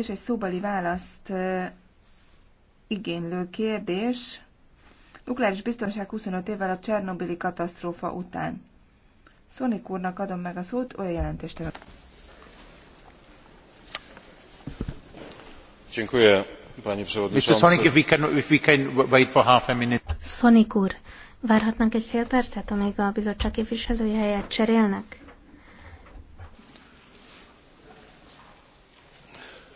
és egy szóbeli választ igénylő kérdés. Nukleáris biztonság 25 évvel a Csernobili katasztrófa után. Szonik úrnak adom meg a szót, olyan jelentést. Dziękuję, Mr. úr, várhatnánk egy fél percet, amíg a bizottság képviselője helyet cserélnek?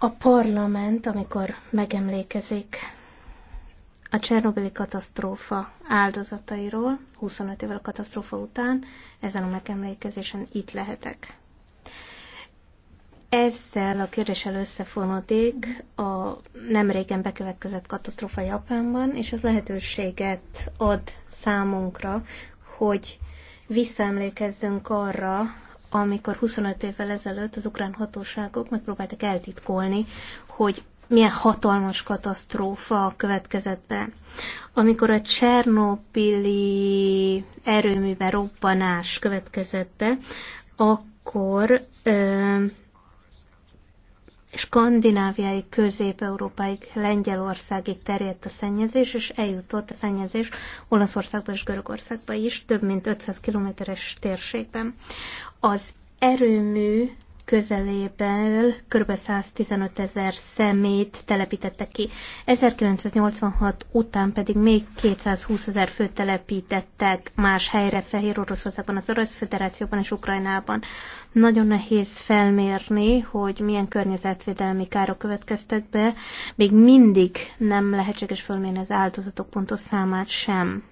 A parlament, amikor megemlékezik a Csernobili katasztrófa áldozatairól, 25 évvel a katasztrófa után, ezen a megemlékezésen itt lehetek. Ezzel a kérdéssel összefonódik a nemrégen bekövetkezett katasztrófa Japánban, és az lehetőséget ad számunkra, hogy visszaemlékezzünk arra, amikor 25 évvel ezelőtt az ukrán hatóságok megpróbáltak eltitkolni, hogy milyen hatalmas katasztrófa következett be. Amikor a Csernobili erőműben robbanás következett be, akkor ö, Skandináviáig, Közép-Európáig, Lengyelországig terjedt a szennyezés, és eljutott a szennyezés Olaszországba és Görögországba is, több mint 500 kilométeres térségben. Az erőmű közeléből kb. 115 ezer szemét telepítettek ki. 1986 után pedig még 220 ezer főt telepítettek más helyre Fehér Oroszországban, az Orosz Föderációban és Ukrajnában. Nagyon nehéz felmérni, hogy milyen környezetvédelmi károk következtek be, még mindig nem lehetséges felmérni az áldozatok pontos számát sem.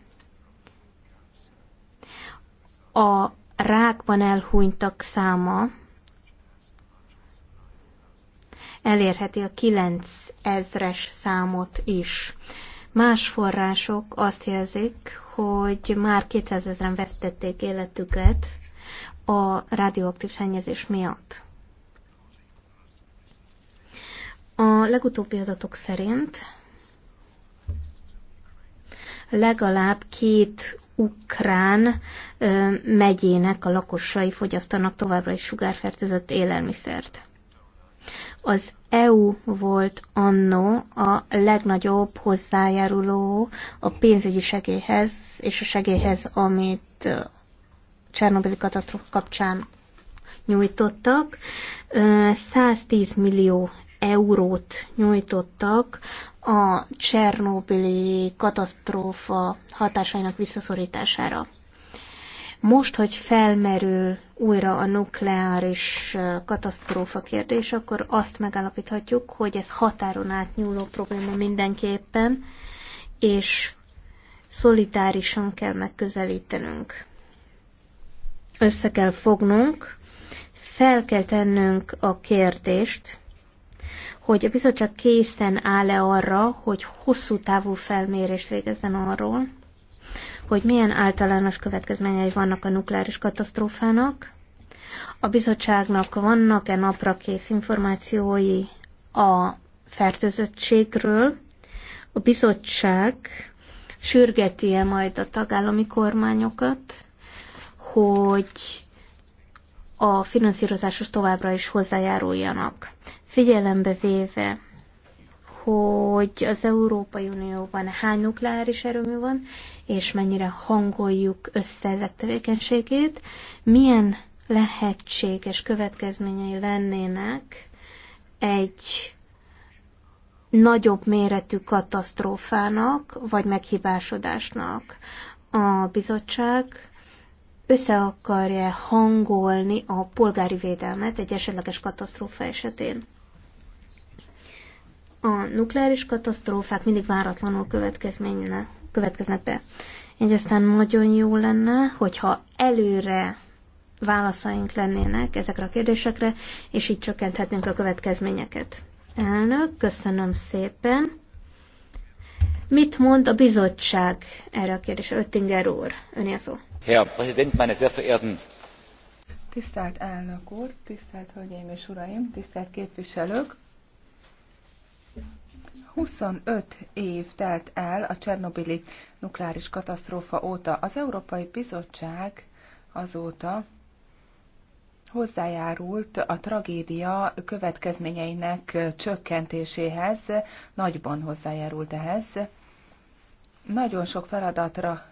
A rákban elhunytak száma elérheti a 9000-es számot is. Más források azt jelzik, hogy már 200 ezeren vesztették életüket a radioaktív szennyezés miatt. A legutóbbi adatok szerint legalább két ukrán ö, megyének a lakosai fogyasztanak továbbra is sugárfertőzött élelmiszert. Az EU volt annó a legnagyobb hozzájáruló a pénzügyi segélyhez és a segélyhez, amit Csernobili katasztrófa kapcsán nyújtottak. 110 millió eurót nyújtottak a Csernobili katasztrófa hatásainak visszaszorítására. Most, hogy felmerül újra a nukleáris katasztrófa kérdés, akkor azt megállapíthatjuk, hogy ez határon átnyúló probléma mindenképpen, és szolidárisan kell megközelítenünk. Össze kell fognunk, fel kell tennünk a kérdést, hogy a bizottság készen áll-e arra, hogy hosszú távú felmérést végezzen arról, hogy milyen általános következményei vannak a nukleáris katasztrófának. A bizottságnak vannak-e napra kész információi a fertőzöttségről? A bizottság sürgeti-e majd a tagállami kormányokat, hogy a finanszírozáshoz továbbra is hozzájáruljanak, figyelembe véve hogy az Európai Unióban hány nukleáris erőmű van, és mennyire hangoljuk össze ezek tevékenységét, milyen lehetséges következményei lennének egy nagyobb méretű katasztrófának vagy meghibásodásnak. A bizottság össze akarja hangolni a polgári védelmet egy esetleges katasztrófa esetén a nukleáris katasztrófák mindig váratlanul következnek be. Így aztán nagyon jó lenne, hogyha előre válaszaink lennének ezekre a kérdésekre, és így csökkenthetnénk a következményeket. Elnök, köszönöm szépen. Mit mond a bizottság erre a kérdésre? Öttinger úr, öné a szó. Herr Präsident, meine sehr verehrten Tisztelt elnök úr, tisztelt hölgyeim és uraim, tisztelt képviselők! 25 év telt el a Csernobili nukleáris katasztrófa óta. Az Európai Bizottság azóta hozzájárult a tragédia következményeinek csökkentéséhez, nagyban hozzájárult ehhez. Nagyon sok feladatra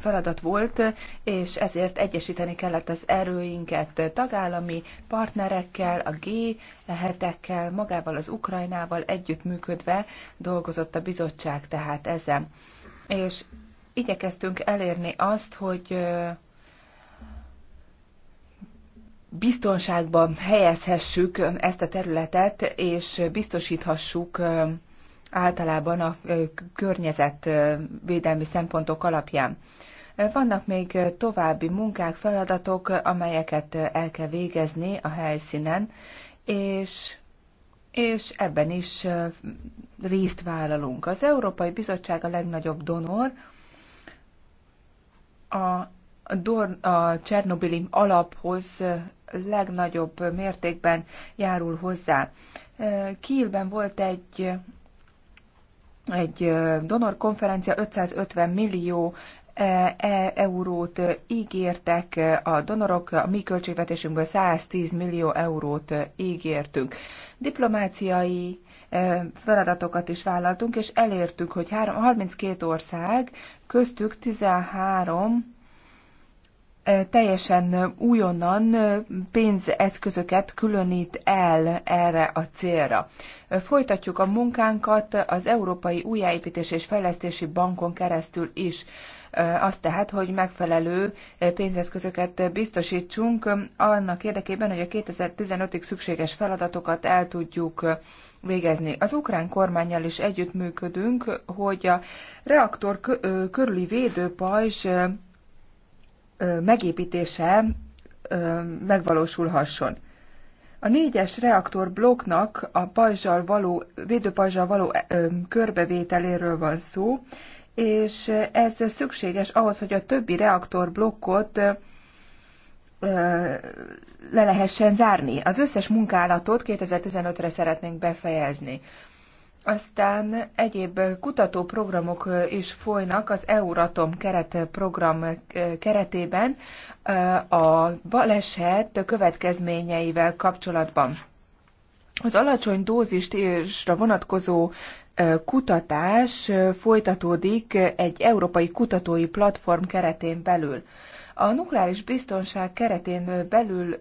feladat volt, és ezért egyesíteni kellett az erőinket tagállami partnerekkel, a g hetekkel magával az Ukrajnával együttműködve dolgozott a bizottság tehát ezen. És igyekeztünk elérni azt, hogy biztonságban helyezhessük ezt a területet, és biztosíthassuk általában a környezetvédelmi szempontok alapján. Vannak még további munkák, feladatok, amelyeket el kell végezni a helyszínen, és, és ebben is részt vállalunk. Az Európai Bizottság a legnagyobb donor, a, Dor, a Csernobili alaphoz legnagyobb mértékben járul hozzá. Kielben volt egy egy donor konferencia 550 millió e, eurót ígértek a donorok, a mi költségvetésünkből 110 millió eurót ígértünk. Diplomáciai feladatokat is vállaltunk, és elértük, hogy 32 ország, köztük 13 teljesen újonnan pénzeszközöket különít el erre a célra. Folytatjuk a munkánkat az Európai Újjáépítés és Fejlesztési Bankon keresztül is. Azt tehát, hogy megfelelő pénzeszközöket biztosítsunk annak érdekében, hogy a 2015-ig szükséges feladatokat el tudjuk végezni. Az ukrán kormányjal is együttműködünk, hogy a reaktor körüli védőpajzs megépítése megvalósulhasson. A négyes reaktor blokknak a pajzsal való, védőpajzsal való körbevételéről van szó, és ez szükséges ahhoz, hogy a többi reaktor blokkot le lehessen zárni. Az összes munkálatot 2015-re szeretnénk befejezni. Aztán egyéb kutatóprogramok is folynak az Euratom keretprogram eh, keretében eh, a baleset következményeivel kapcsolatban. Az alacsony dózisra vonatkozó eh, kutatás folytatódik egy európai kutatói platform keretén belül. A nukleáris biztonság keretén belül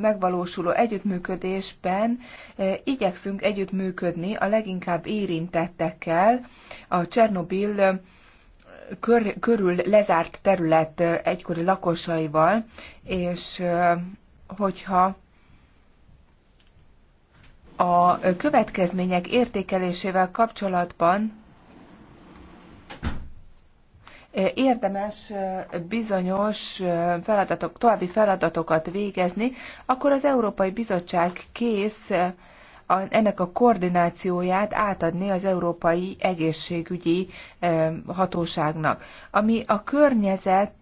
megvalósuló együttműködésben eh, igyekszünk együttműködni a leginkább érintettekkel a Csernobil eh, kör, körül lezárt terület eh, egykori lakosaival, és hogyha a következmények értékelésével kapcsolatban érdemes bizonyos feladatok, további feladatokat végezni, akkor az Európai Bizottság kész ennek a koordinációját átadni az Európai Egészségügyi Hatóságnak. Ami a környezet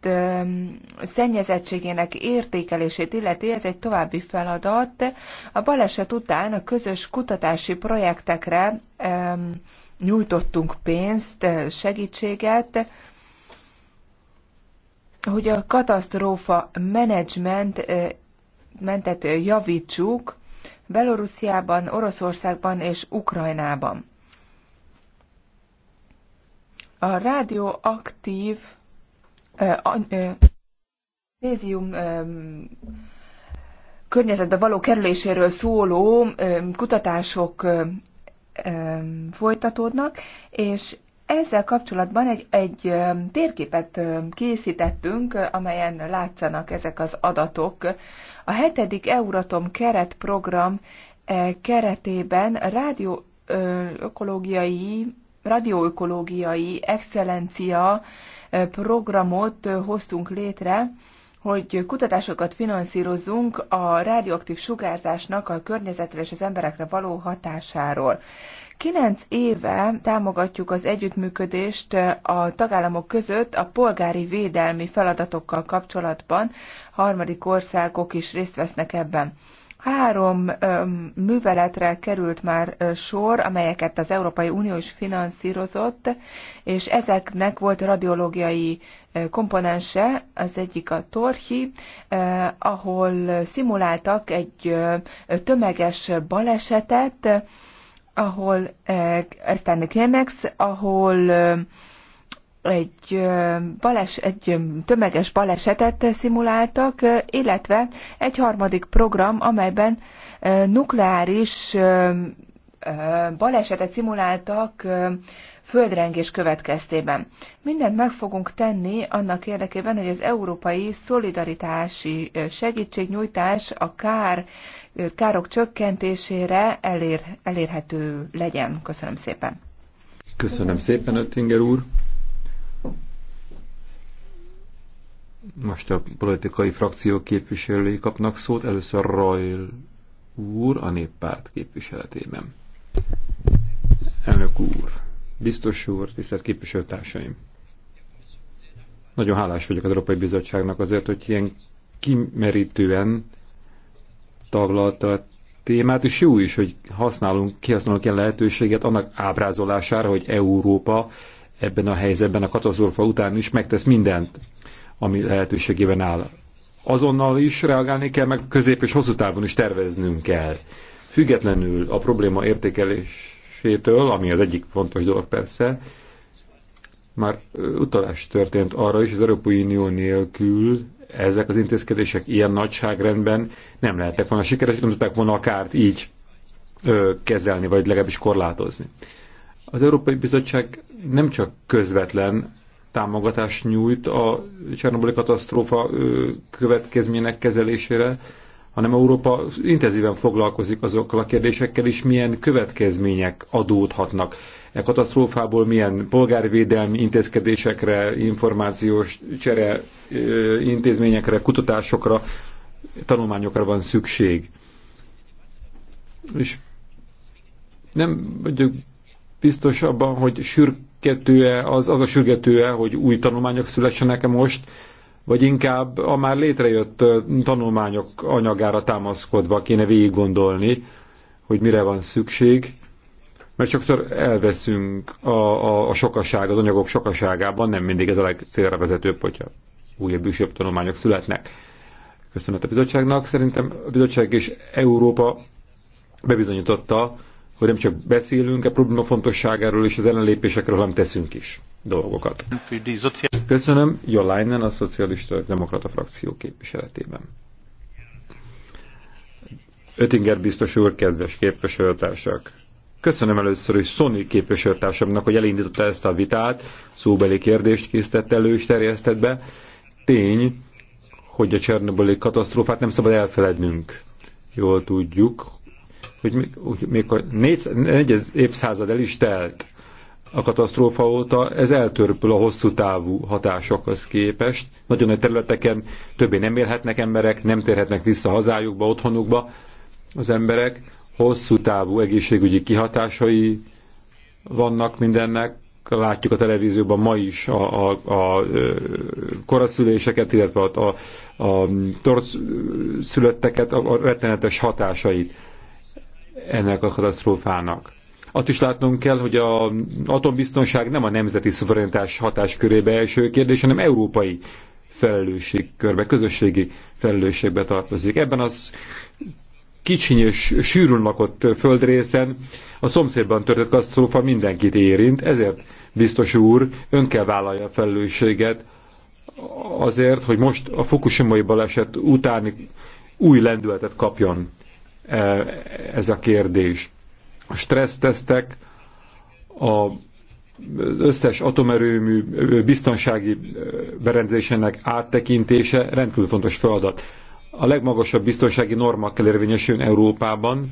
szennyezettségének értékelését illeti, ez egy további feladat. A baleset után a közös kutatási projektekre nyújtottunk pénzt, segítséget, hogy a katasztrófa menedzsment mentet javítsuk Belorussziában, Oroszországban és Ukrajnában. A rádióaktív nézium környezetbe való kerüléséről szóló kutatások folytatódnak, és ezzel kapcsolatban egy, egy térképet készítettünk, amelyen látszanak ezek az adatok. A hetedik Euratom keretprogram e, keretében rádió ökológiai, radioökológiai excellencia programot hoztunk létre, hogy kutatásokat finanszírozzunk a rádióaktív sugárzásnak a környezetre és az emberekre való hatásáról. Kilenc éve támogatjuk az együttműködést eh, a tagállamok között a polgári védelmi feladatokkal kapcsolatban. Harmadik országok is részt vesznek ebben. Három ö, eh, műveletre került már eh, sor, amelyeket az Európai Unió is finanszírozott, és ezeknek volt radiológiai komponense, az egyik a Torhi, ö, ahol szimuláltak egy tömeges balesetet, ahol eh, aztán a Klemex, ahol eh, egy, eh, bales, egy tömeges balesetet szimuláltak, illetve egy harmadik program, amelyben nukleáris balesetet szimuláltak földrengés következtében. Mindent meg fogunk tenni annak érdekében, hogy az európai szolidaritási segítségnyújtás a kár károk csökkentésére elér, elérhető legyen. Köszönöm szépen. Köszönöm szépen, Öttinger úr. Most a politikai frakciók képviselői kapnak szót. Először Rajl úr a néppárt képviseletében. Elnök úr, biztos úr, tisztelt képviselőtársaim! Nagyon hálás vagyok az Európai Bizottságnak azért, hogy ilyen kimerítően taglalta a témát, és jó is, hogy használunk, kihasználunk ilyen lehetőséget annak ábrázolására, hogy Európa ebben a helyzetben, a katasztrófa után is megtesz mindent, ami lehetőségében áll. Azonnal is reagálni kell, meg közép és hosszú távon is terveznünk kell. Függetlenül a probléma értékelésétől, ami az egyik fontos dolog persze, már utalás történt arra is, az Európai Unió nélkül ezek az intézkedések ilyen nagyságrendben nem lehettek volna sikeresek, nem tudták volna a kárt így ö, kezelni, vagy legalábbis korlátozni. Az Európai Bizottság nem csak közvetlen támogatást nyújt a Csernobyli katasztrófa következmények kezelésére, hanem Európa intenzíven foglalkozik azokkal a kérdésekkel is, milyen következmények adódhatnak e katasztrófából milyen polgárvédelmi intézkedésekre, információs csere intézményekre, kutatásokra, tanulmányokra van szükség. És nem vagyok biztos abban, hogy sürgető-e, az, az a sürgető-e, hogy új tanulmányok szülessenek-e most, vagy inkább a már létrejött tanulmányok anyagára támaszkodva kéne végig gondolni, hogy mire van szükség, mert sokszor elveszünk a, a, a sokaság, az anyagok sokaságában, nem mindig ez a legcélra vezetőbb, hogyha újabb és jobb tanulmányok születnek. Köszönet a bizottságnak. Szerintem a bizottság és Európa bebizonyította, hogy nem csak beszélünk a e probléma fontosságáról és az ellenlépésekről, hanem teszünk is dolgokat. Köszönöm Jolainen a Szocialista Demokrata frakció képviseletében. Ötinger biztos úr, kedves képviselőtársak! Köszönöm először is Sony képviselőtársamnak, hogy elindította ezt a vitát, szóbeli kérdést készített elő és terjesztett be. Tény, hogy a Csernobyli katasztrófát nem szabad elfelednünk. Jól tudjuk, hogy még a négy, négy évszázad el is telt a katasztrófa óta, ez eltörpül a hosszú távú hatásokhoz képest. Nagyon nagy területeken többé nem élhetnek emberek, nem térhetnek vissza hazájukba, otthonukba az emberek hosszú távú egészségügyi kihatásai vannak mindennek. Látjuk a televízióban ma is a, a, a koraszüléseket, illetve a, a, a torszülötteket, a, a rettenetes hatásait ennek a katasztrófának. Azt is látnunk kell, hogy az atombiztonság nem a nemzeti szuverenitás hatáskörébe első kérdés, hanem európai felelősségkörbe, közösségi felelősségbe tartozik. Ebben az kicsiny és sűrűn lakott földrészen a szomszédban törtött katasztrófa mindenkit érint, ezért biztos úr, ön kell vállalja a felelősséget azért, hogy most a fukushimai baleset utáni új lendületet kapjon e, ez a kérdés. A stressztesztek, a az összes atomerőmű biztonsági berendezésének áttekintése rendkívül fontos feladat a legmagasabb biztonsági normák kell érvényesüljön Európában,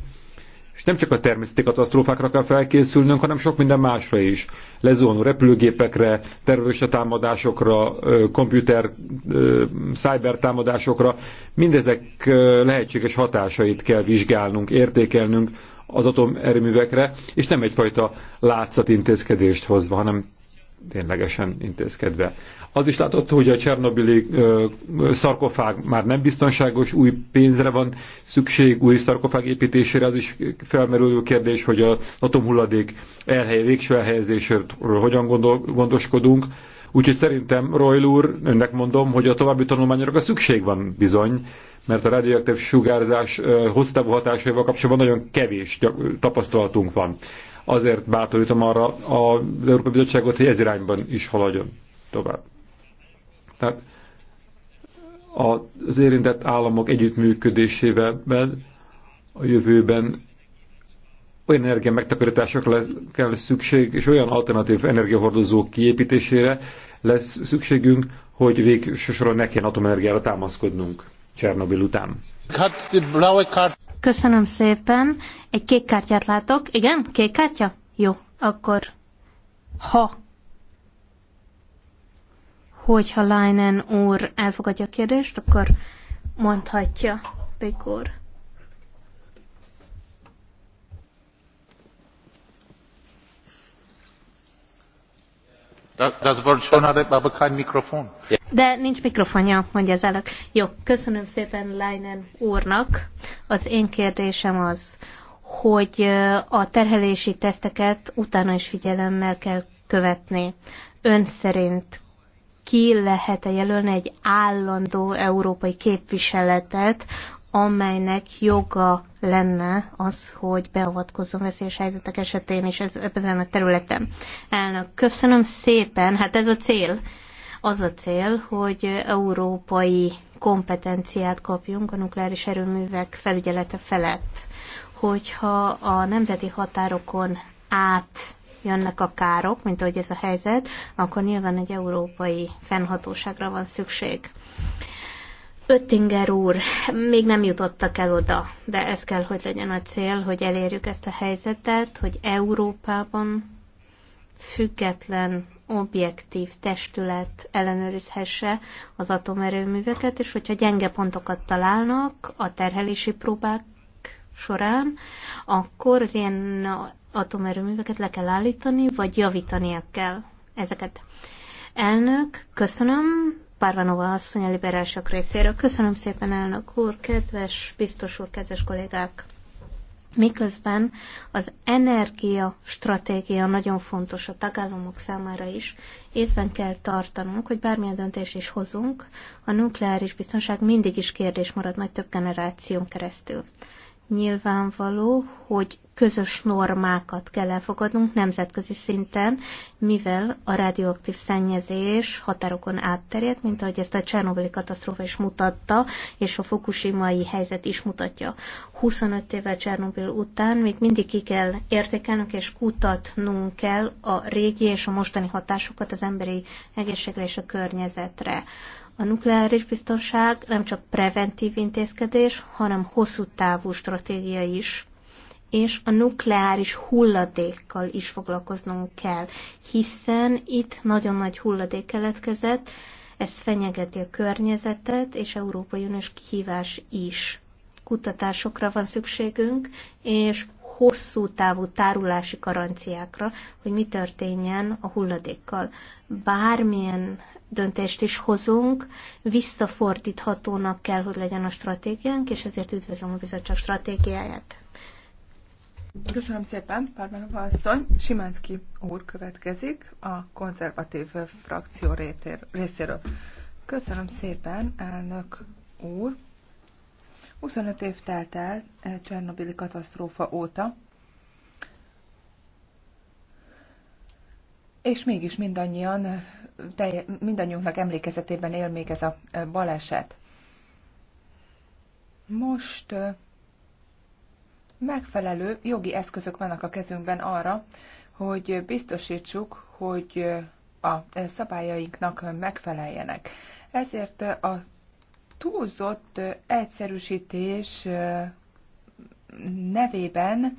és nem csak a természeti katasztrófákra kell felkészülnünk, hanem sok minden másra is. Lezónó repülőgépekre, terrorista támadásokra, komputer, cyber támadásokra, mindezek lehetséges hatásait kell vizsgálnunk, értékelnünk az atomerőművekre, és nem egyfajta látszatintézkedést hozva, hanem ténylegesen intézkedve. Az is látható, hogy a Csernobili szarkofág már nem biztonságos, új pénzre van szükség, új szarkofág építésére, az is felmerülő kérdés, hogy az atomhulladék elhely, végső elhelyezéséről hogyan gondol, gondoskodunk. Úgyhogy szerintem, Royl úr, önnek mondom, hogy a további tanulmányokra szükség van bizony, mert a radioaktív sugárzás hosszú hatásaival kapcsolatban nagyon kevés tapasztalatunk van. Azért bátorítom arra az Európai Bizottságot, hogy ez irányban is haladjon tovább. Tehát az érintett államok együttműködésével a jövőben olyan energia megtakarításokra kell szükség, és olyan alternatív energiahordozók kiépítésére lesz szükségünk, hogy végsősorban ne kell atomenergiára támaszkodnunk Csernobil után. Köszönöm szépen. Egy kék kártyát látok. Igen? Kék kártya? Jó, akkor ha hogyha Leinen úr elfogadja a kérdést, akkor mondhatja Pék úr. De nincs mikrofonja, mondja az elnök. Jó, köszönöm szépen Leinen úrnak. Az én kérdésem az, hogy a terhelési teszteket utána is figyelemmel kell követni. Ön szerint ki lehet-e jelölni egy állandó európai képviseletet, amelynek joga lenne az, hogy beavatkozzon veszélyes helyzetek esetén is ez, ezen a területen. Elnök, köszönöm szépen. Hát ez a cél. Az a cél, hogy európai kompetenciát kapjunk a nukleáris erőművek felügyelete felett. Hogyha a nemzeti határokon át jönnek a károk, mint ahogy ez a helyzet, akkor nyilván egy európai fennhatóságra van szükség. Öttinger úr, még nem jutottak el oda, de ez kell, hogy legyen a cél, hogy elérjük ezt a helyzetet, hogy Európában független, objektív testület ellenőrizhesse az atomerőműveket, és hogyha gyenge pontokat találnak a terhelési próbák során, akkor az ilyen atomerőműveket le kell állítani, vagy javítania kell ezeket. Elnök, köszönöm, Párvanova asszony a liberálisok részéről. Köszönöm szépen, elnök úr, kedves biztos úr, kedves kollégák! Miközben az energia stratégia nagyon fontos a tagállamok számára is, észben kell tartanunk, hogy bármilyen döntést is hozunk, a nukleáris biztonság mindig is kérdés marad majd több generáción keresztül nyilvánvaló, hogy közös normákat kell elfogadnunk nemzetközi szinten, mivel a radioaktív szennyezés határokon átterjed, mint ahogy ezt a Csernobili katasztrófa is mutatta, és a fukushimai helyzet is mutatja. 25 évvel Csernobil után még mindig ki kell értékelnünk és kutatnunk kell a régi és a mostani hatásokat az emberi egészségre és a környezetre. A nukleáris biztonság nem csak preventív intézkedés, hanem hosszú távú stratégia is. És a nukleáris hulladékkal is foglalkoznunk kell, hiszen itt nagyon nagy hulladék keletkezett, ez fenyegeti a környezetet, és Európai Uniós kihívás is. Kutatásokra van szükségünk, és hosszú távú tárulási garanciákra, hogy mi történjen a hulladékkal. Bármilyen döntést is hozunk, visszafordíthatónak kell, hogy legyen a stratégiánk, és ezért üdvözlöm a bizottság stratégiáját. Köszönöm szépen, Pármenova asszony. Simánszki úr következik a konzervatív frakció részéről. Köszönöm szépen, elnök úr. 25 év telt el eh, Csernobili katasztrófa óta, és mégis mindannyian eh, telj, mindannyiunknak emlékezetében él még ez a baleset. Most megfelelő jogi eszközök vannak a kezünkben arra, hogy biztosítsuk, hogy a szabályainknak megfeleljenek. Ezért a túlzott egyszerűsítés nevében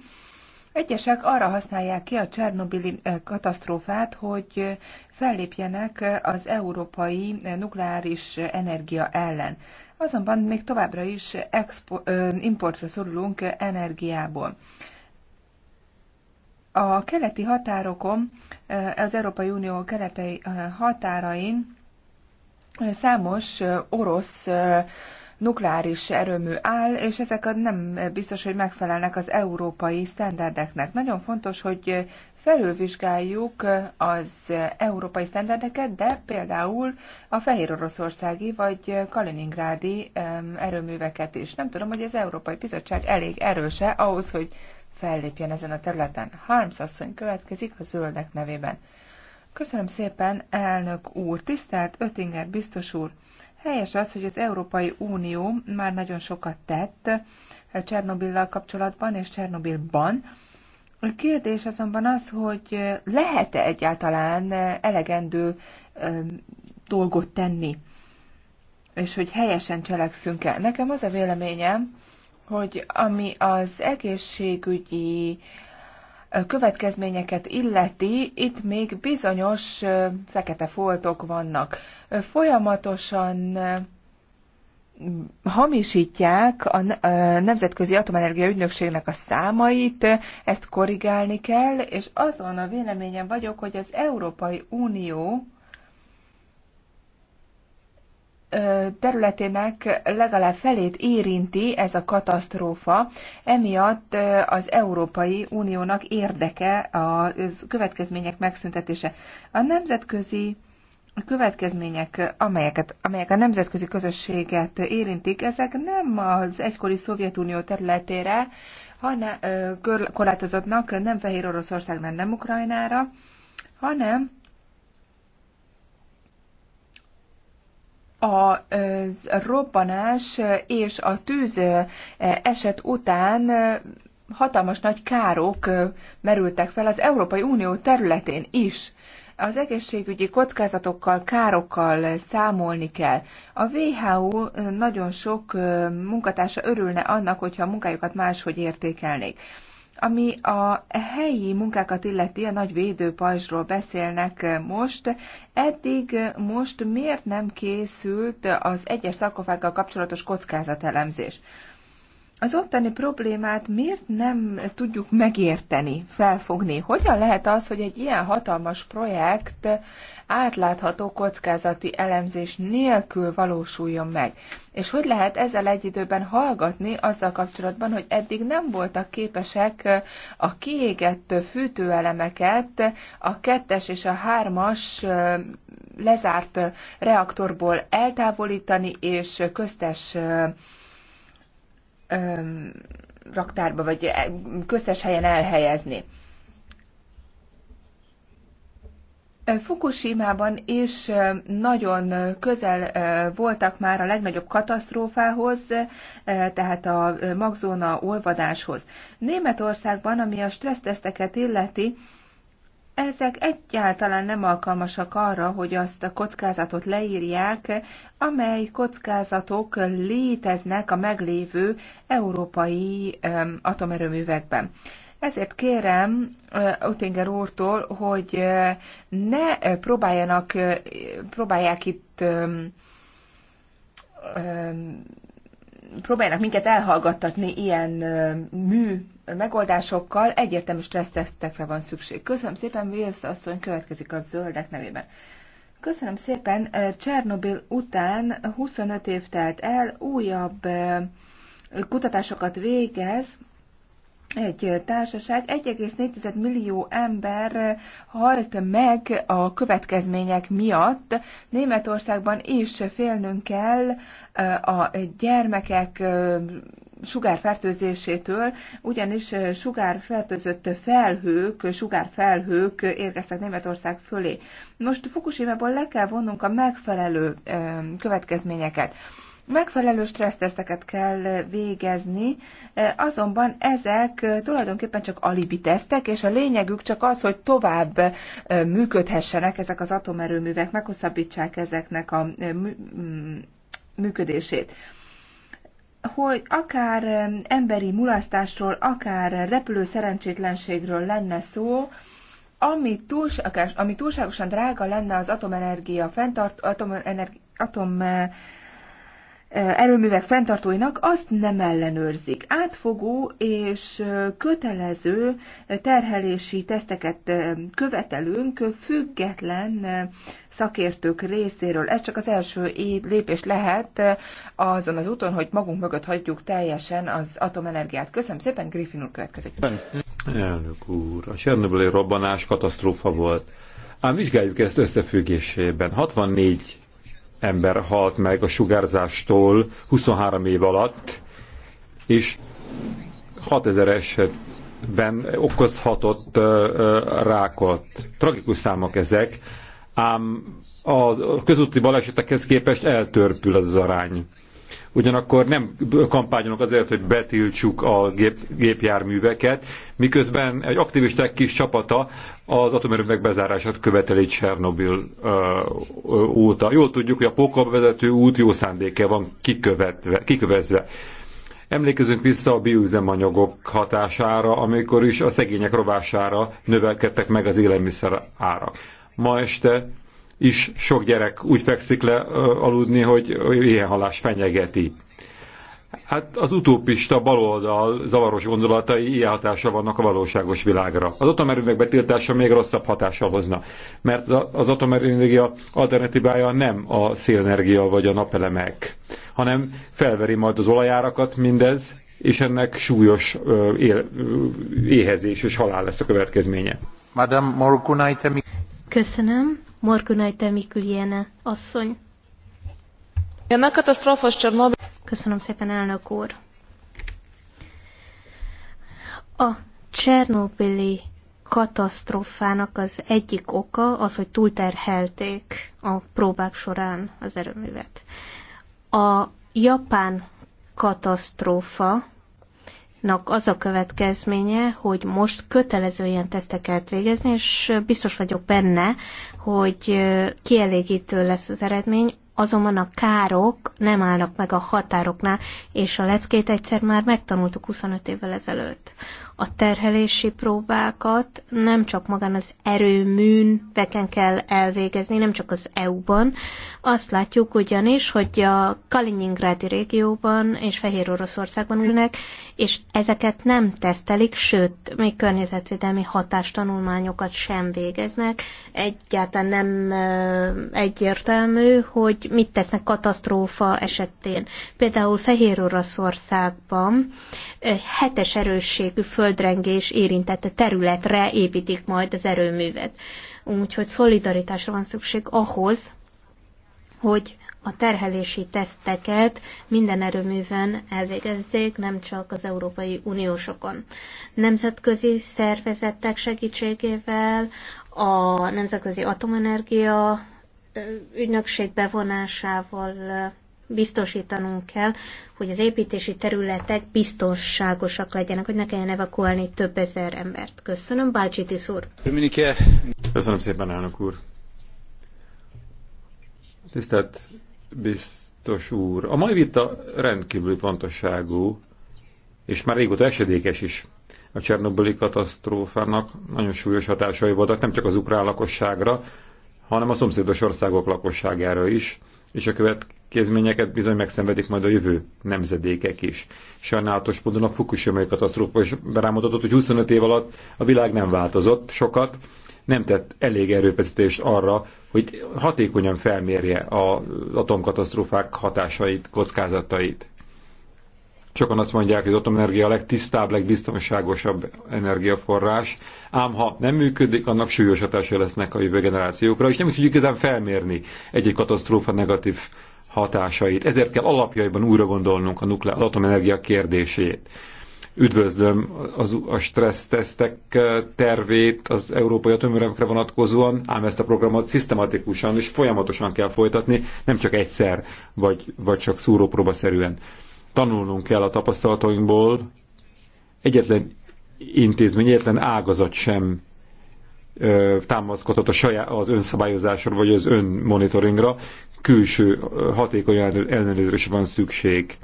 Egyesek arra használják ki a Csernobili eh, katasztrófát, hogy fellépjenek az európai nukleáris energia ellen. Azonban még továbbra is expo- importra szorulunk energiából. A keleti határokon, az Európai Unió keleti határain számos orosz nukleáris erőmű áll, és ezek nem biztos, hogy megfelelnek az európai sztenderdeknek. Nagyon fontos, hogy felülvizsgáljuk az európai sztenderdeket, de például a fehér oroszországi vagy kaliningrádi erőműveket is. Nem tudom, hogy az Európai Bizottság elég erőse ahhoz, hogy fellépjen ezen a területen. Harms asszony következik a zöldek nevében. Köszönöm szépen, elnök úr, tisztelt Ötinger biztos úr! Helyes az, hogy az Európai Unió már nagyon sokat tett Csernobillal kapcsolatban és Csernobilban. A kérdés azonban az, hogy lehet-e egyáltalán elegendő dolgot tenni, és hogy helyesen cselekszünk-e. Nekem az a véleményem, hogy ami az egészségügyi következményeket illeti, itt még bizonyos fekete foltok vannak. Folyamatosan hamisítják a Nemzetközi Atomenergia Ügynökségnek a számait, ezt korrigálni kell, és azon a véleményen vagyok, hogy az Európai Unió területének legalább felét érinti ez a katasztrófa, emiatt az Európai Uniónak érdeke a következmények megszüntetése. A nemzetközi a következmények, amelyeket, amelyek a nemzetközi közösséget érintik, ezek nem az egykori Szovjetunió területére, hanem korlátozottnak nem Fehér Oroszországnál, nem Ukrajnára, hanem a robbanás és a tűz eset után hatalmas nagy károk merültek fel az Európai Unió területén is. Az egészségügyi kockázatokkal, károkkal számolni kell. A WHO nagyon sok munkatársa örülne annak, hogyha a munkájukat máshogy értékelnék. Ami a helyi munkákat illeti, a nagy védőpajzsról beszélnek eh, most. Eddig eh, most miért nem készült az egyes szarkofággal kapcsolatos kockázatelemzés? az ottani problémát miért nem tudjuk megérteni, felfogni? Hogyan lehet az, hogy egy ilyen hatalmas projekt átlátható kockázati elemzés nélkül valósuljon meg? És hogy lehet ezzel egy időben hallgatni azzal kapcsolatban, hogy eddig nem voltak képesek a kiégett fűtőelemeket a kettes és a hármas lezárt reaktorból eltávolítani és köztes raktárba vagy eh, köztes helyen elhelyezni. Fukushima-ban is nagyon közel voltak már a legnagyobb katasztrófához, tehát a magzóna olvadáshoz. Németországban, ami a stresszteszteket illeti, ezek egyáltalán nem alkalmasak arra, hogy azt a kockázatot leírják, amely kockázatok léteznek a meglévő európai atomerőművekben. Ezért kérem Oettinger úrtól, hogy ne próbáljanak, próbálják itt próbáljanak minket elhallgattatni ilyen mű megoldásokkal egyértelmű stressztesztekre van szükség. Köszönöm szépen, Vilsz asszony következik a zöldek nevében. Köszönöm szépen, eh, Csernobil után 25 év telt el, újabb eh, kutatásokat végez, egy eh, társaság 1,4 millió ember halt meg a következmények miatt. Németországban is félnünk kell a gyermekek sugárfertőzésétől, ugyanis sugárfertőzött felhők, sugárfelhők érkeztek Németország fölé. Most Fukushima-ból le kell vonnunk a megfelelő következményeket. Megfelelő stresszteszteket kell végezni, azonban ezek tulajdonképpen csak alibi tesztek, és a lényegük csak az, hogy tovább működhessenek ezek az atomerőművek, meghosszabbítsák ezeknek a működését hogy akár emberi mulasztásról, akár repülő szerencsétlenségről lenne szó, ami, túls, akár, ami túlságosan drága lenne az atomenergia fenntart, atomenergia, atom erőművek fenntartóinak azt nem ellenőrzik. Átfogó és kötelező terhelési teszteket követelünk független szakértők részéről. Ez csak az első év lépés lehet azon az úton, hogy magunk mögött hagyjuk teljesen az atomenergiát. Köszönöm szépen, Griffin úr következik. Elnök úr, a Csernobili robbanás katasztrófa volt. Ám vizsgáljuk ezt összefüggésében. 64 ember halt meg a sugárzástól 23 év alatt, és 6000 esetben okozhatott rákot. Tragikus számok ezek, ám a közúti balesetekhez képest eltörpül az, az arány. Ugyanakkor nem kampányolunk azért, hogy betiltsuk a gép, gépjárműveket, miközben egy aktivisták kis csapata az atomerőművek bezárását követeli Csernobil uh, óta. Jól tudjuk, hogy a Pókab vezető út jó szándéke van kikövetve, kikövezve. Emlékezünk vissza a bioüzemanyagok hatására, amikor is a szegények rovására növelkedtek meg az élelmiszer árak. Ma este is sok gyerek úgy fekszik le aludni, hogy ilyen halás fenyegeti. Hát az utópista baloldal zavaros gondolatai ilyen hatása vannak a valóságos világra. Az atomerőművek betiltása még rosszabb hatással hozna, mert az atomerőenergia alternatívája nem a szélenergia vagy a napelemek, hanem felveri majd az olajárakat mindez, és ennek súlyos ö, éhezés és halál lesz a következménye. Madame Köszönöm. Morkunajte Mikuliene asszony. A katasztrófa Csernobyl Köszönöm szépen, elnök úr. A Csernobili katasztrófának az egyik oka az, hogy túlterhelték a próbák során az erőművet. A japán katasztrófa az a következménye, hogy most kötelező ilyen teszteket végezni, és biztos vagyok benne, hogy kielégítő lesz az eredmény azonban a károk nem állnak meg a határoknál, és a leckét egyszer már megtanultuk 25 évvel ezelőtt. A terhelési próbákat nem csak magán az erőműn veken kell elvégezni, nem csak az EU-ban. Azt látjuk ugyanis, hogy a Kaliningrádi régióban és Fehér Oroszországban ülnek, és ezeket nem tesztelik, sőt, még környezetvédelmi hatástanulmányokat sem végeznek, egyáltalán nem egyértelmű, hogy mit tesznek katasztrófa esetén. Például Fehér Oroszországban hetes erősségű földrengés érintette területre építik majd az erőművet. Úgyhogy szolidaritásra van szükség ahhoz, hogy a terhelési teszteket minden erőműven elvégezzék, nem csak az Európai Uniósokon. Nemzetközi szervezetek segítségével, a Nemzetközi Atomenergia ügynökség bevonásával biztosítanunk kell, hogy az építési területek biztonságosak legyenek, hogy ne kelljen evakuálni több ezer embert. Köszönöm, Bácsitis úr. Köszönöm szépen, elnök úr. Tisztelt biztos úr, a mai vita rendkívül fontosságú, és már régóta esedékes is a Csernobili katasztrófának nagyon súlyos hatásai voltak nem csak az ukrán lakosságra, hanem a szomszédos országok lakosságára is, és a következményeket bizony megszenvedik majd a jövő nemzedékek is. Sajnálatos módon a Fukushima katasztrófa is berámutatott, hogy 25 év alatt a világ nem változott sokat, nem tett elég erőfeszítést arra, hogy hatékonyan felmérje az atomkatasztrófák hatásait, kockázatait. Sokan azt mondják, hogy az atomenergia a legtisztább, legbiztonságosabb energiaforrás, ám ha nem működik, annak súlyos hatásai lesznek a jövő generációkra, és nem is tudjuk igazán felmérni egy-egy katasztrófa negatív hatásait. Ezért kell alapjaiban újra gondolnunk a nukle- az atomenergia kérdését. Üdvözlöm az, a stressztesztek tervét az európai atomüremekre vonatkozóan, ám ezt a programot szisztematikusan és folyamatosan kell folytatni, nem csak egyszer, vagy, vagy csak szúrópróba szerűen tanulnunk kell a tapasztalatainkból. Egyetlen intézmény, egyetlen ágazat sem ö, támaszkodhat a saját, az önszabályozásra vagy az önmonitoringra. Külső hatékony ellenőrzésre van szükség.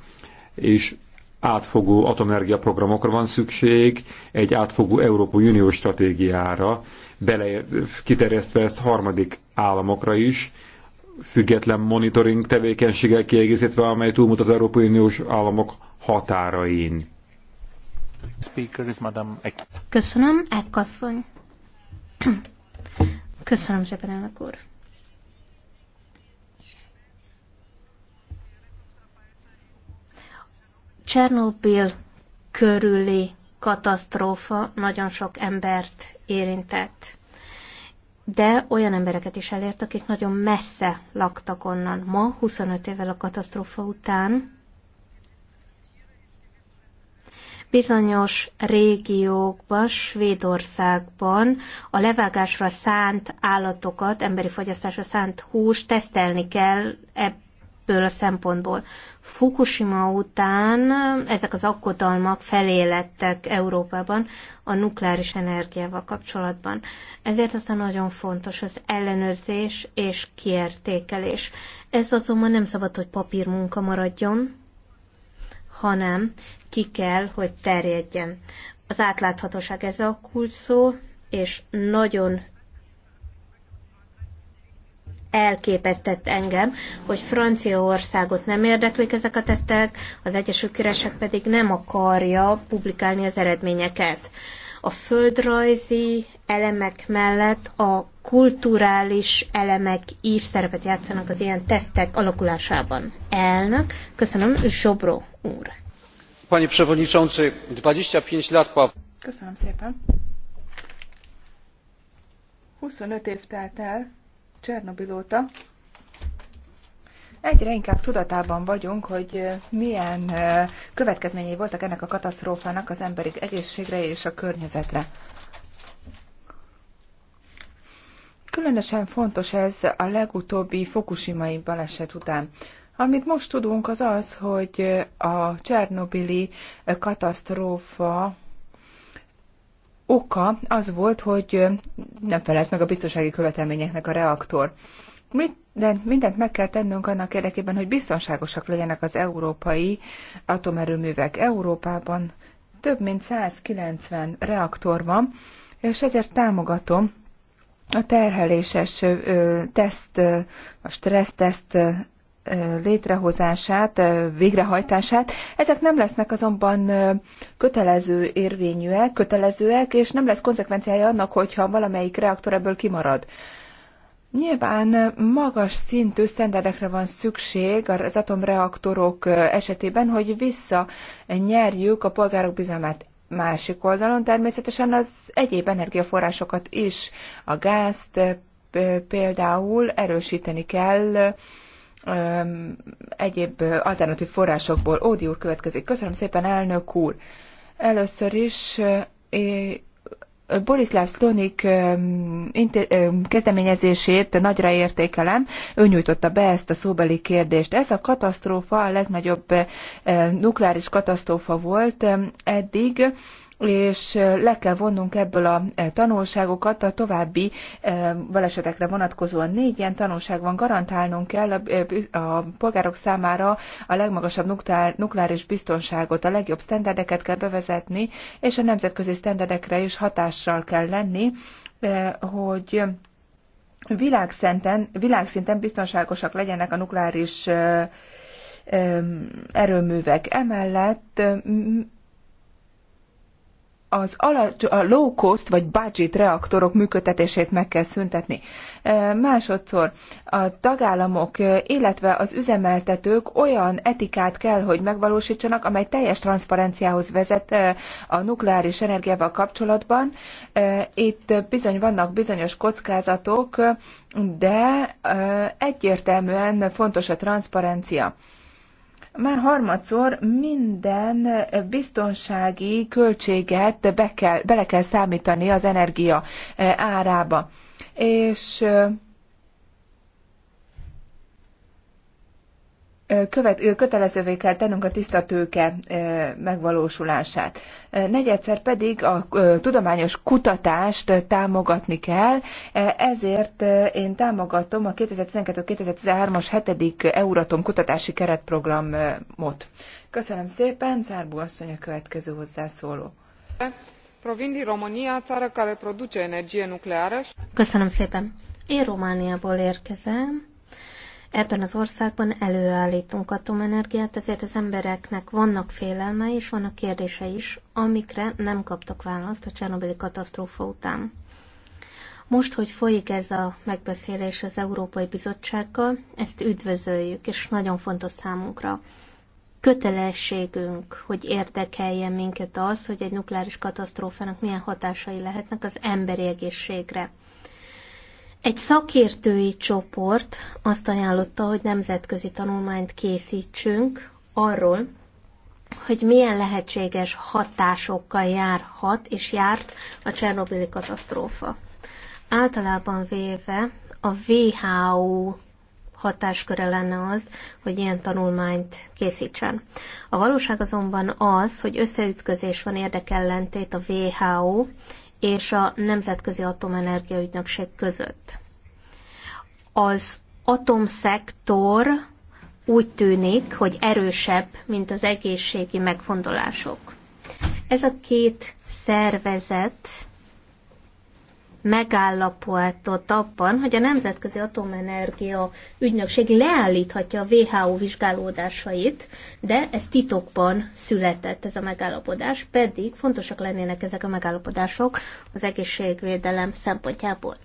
És átfogó atomenergia programokra van szükség, egy átfogó Európai Unió stratégiára, bele kiterjesztve ezt harmadik államokra is, független monitoring tevékenységgel kiegészítve, amely túlmutat az Európai Uniós államok határain. Köszönöm, Ekkasszony. Köszönöm szépen, elnök úr. Csernobil körüli katasztrófa nagyon sok embert érintett de olyan embereket is elért, akik nagyon messze laktak onnan. Ma, 25 évvel a katasztrófa után, bizonyos régiókban, Svédországban a levágásra szánt állatokat, emberi fogyasztásra szánt húst tesztelni kell ebből a szempontból. Fukushima után ezek az akkodalmak felélettek Európában a nukleáris energiával kapcsolatban. Ezért aztán nagyon fontos az ellenőrzés és kiértékelés. Ez azonban nem szabad, hogy papírmunka maradjon, hanem ki kell, hogy terjedjen. Az átláthatóság ez a kulcs szó, és nagyon elképesztett engem, hogy Franciaországot nem érdeklik ezek a tesztek, az Egyesült Királyság pedig nem akarja publikálni az eredményeket. A földrajzi elemek mellett a kulturális elemek is szerepet játszanak az ilyen tesztek alakulásában. Elnök, köszönöm, Zsobró úr. Panie Przewodniczący, 25 lat po... Köszönöm szépen. 25 év telt el Csernobil óta egyre inkább tudatában vagyunk, hogy milyen következményei voltak ennek a katasztrófának az emberi egészségre és a környezetre. Különösen fontos ez a legutóbbi fukushimai baleset után. Amit most tudunk, az az, hogy a csernobili katasztrófa oka az volt, hogy nem felelt meg a biztonsági követelményeknek a reaktor. de mindent meg kell tennünk annak érdekében, hogy biztonságosak legyenek az európai atomerőművek. Európában több mint 190 reaktor van, és ezért támogatom a terheléses teszt, a stresszteszt létrehozását, végrehajtását. Ezek nem lesznek azonban kötelező érvényűek, kötelezőek, és nem lesz konzekvenciája annak, hogyha valamelyik reaktor ebből kimarad. Nyilván magas szintű sztenderdekre van szükség az atomreaktorok esetében, hogy visszanyerjük a polgárok bizalmát. Másik oldalon természetesen az egyéb energiaforrásokat is, a gázt például erősíteni kell, egyéb alternatív forrásokból. Ódi úr következik. Köszönöm szépen, elnök úr. Először is Borislav Stonik kezdeményezését nagyra értékelem, ő nyújtotta be ezt a szóbeli kérdést. Ez a katasztrófa a legnagyobb nukleáris katasztrófa volt eddig, és le kell vonnunk ebből a tanulságokat a további balesetekre vonatkozóan. Négy ilyen tanulság van, garantálnunk kell a, a polgárok számára a legmagasabb nukleáris biztonságot, a legjobb sztenderdeket kell bevezetni, és a nemzetközi sztenderdekre is hatással kell lenni, hogy világszinten, világszinten biztonságosak legyenek a nukleáris erőművek. Emellett az alacs, a low cost vagy budget reaktorok működtetését meg kell szüntetni. Másodszor a tagállamok, illetve az üzemeltetők olyan etikát kell, hogy megvalósítsanak, amely teljes transzparenciához vezet a nukleáris energiával kapcsolatban. Itt bizony vannak bizonyos kockázatok, de egyértelműen fontos a transzparencia már harmadszor minden biztonsági költséget be kell, bele kell számítani az energia eh, árába. És eh, követ, kötelezővé kell tennünk a tiszta tőke megvalósulását. Negyedszer pedig a tudományos kutatást támogatni kell, ezért én támogatom a 2012-2013-as 7. Euratom kutatási keretprogramot. Köszönöm szépen, Szárbú asszony a következő hozzászóló. Provin din care produce energie nucleară. Köszönöm szépen. Én Romániából érkezem, Ebben az országban előállítunk atomenergiát, ezért az embereknek vannak félelmei és vannak kérdése is, amikre nem kaptak választ a Csernobili katasztrófa után. Most, hogy folyik ez a megbeszélés az Európai Bizottsággal, ezt üdvözöljük, és nagyon fontos számunkra. Kötelességünk, hogy érdekeljen minket az, hogy egy nukleáris katasztrófának milyen hatásai lehetnek az emberi egészségre. Egy szakértői csoport azt ajánlotta, hogy nemzetközi tanulmányt készítsünk arról, hogy milyen lehetséges hatásokkal járhat és járt a Csernobili katasztrófa. Általában véve a WHO hatásköre lenne az, hogy ilyen tanulmányt készítsen. A valóság azonban az, hogy összeütközés van érdekellentét a WHO és a Nemzetközi Atomenergia Ügynökség között. Az atomszektor úgy tűnik, hogy erősebb, mint az egészségi megfondolások. Ez a két szervezet megállapodott abban, hogy a Nemzetközi Atomenergia Ügynökség leállíthatja a WHO vizsgálódásait, de ez titokban született ez a megállapodás, pedig fontosak lennének ezek a megállapodások az egészségvédelem szempontjából.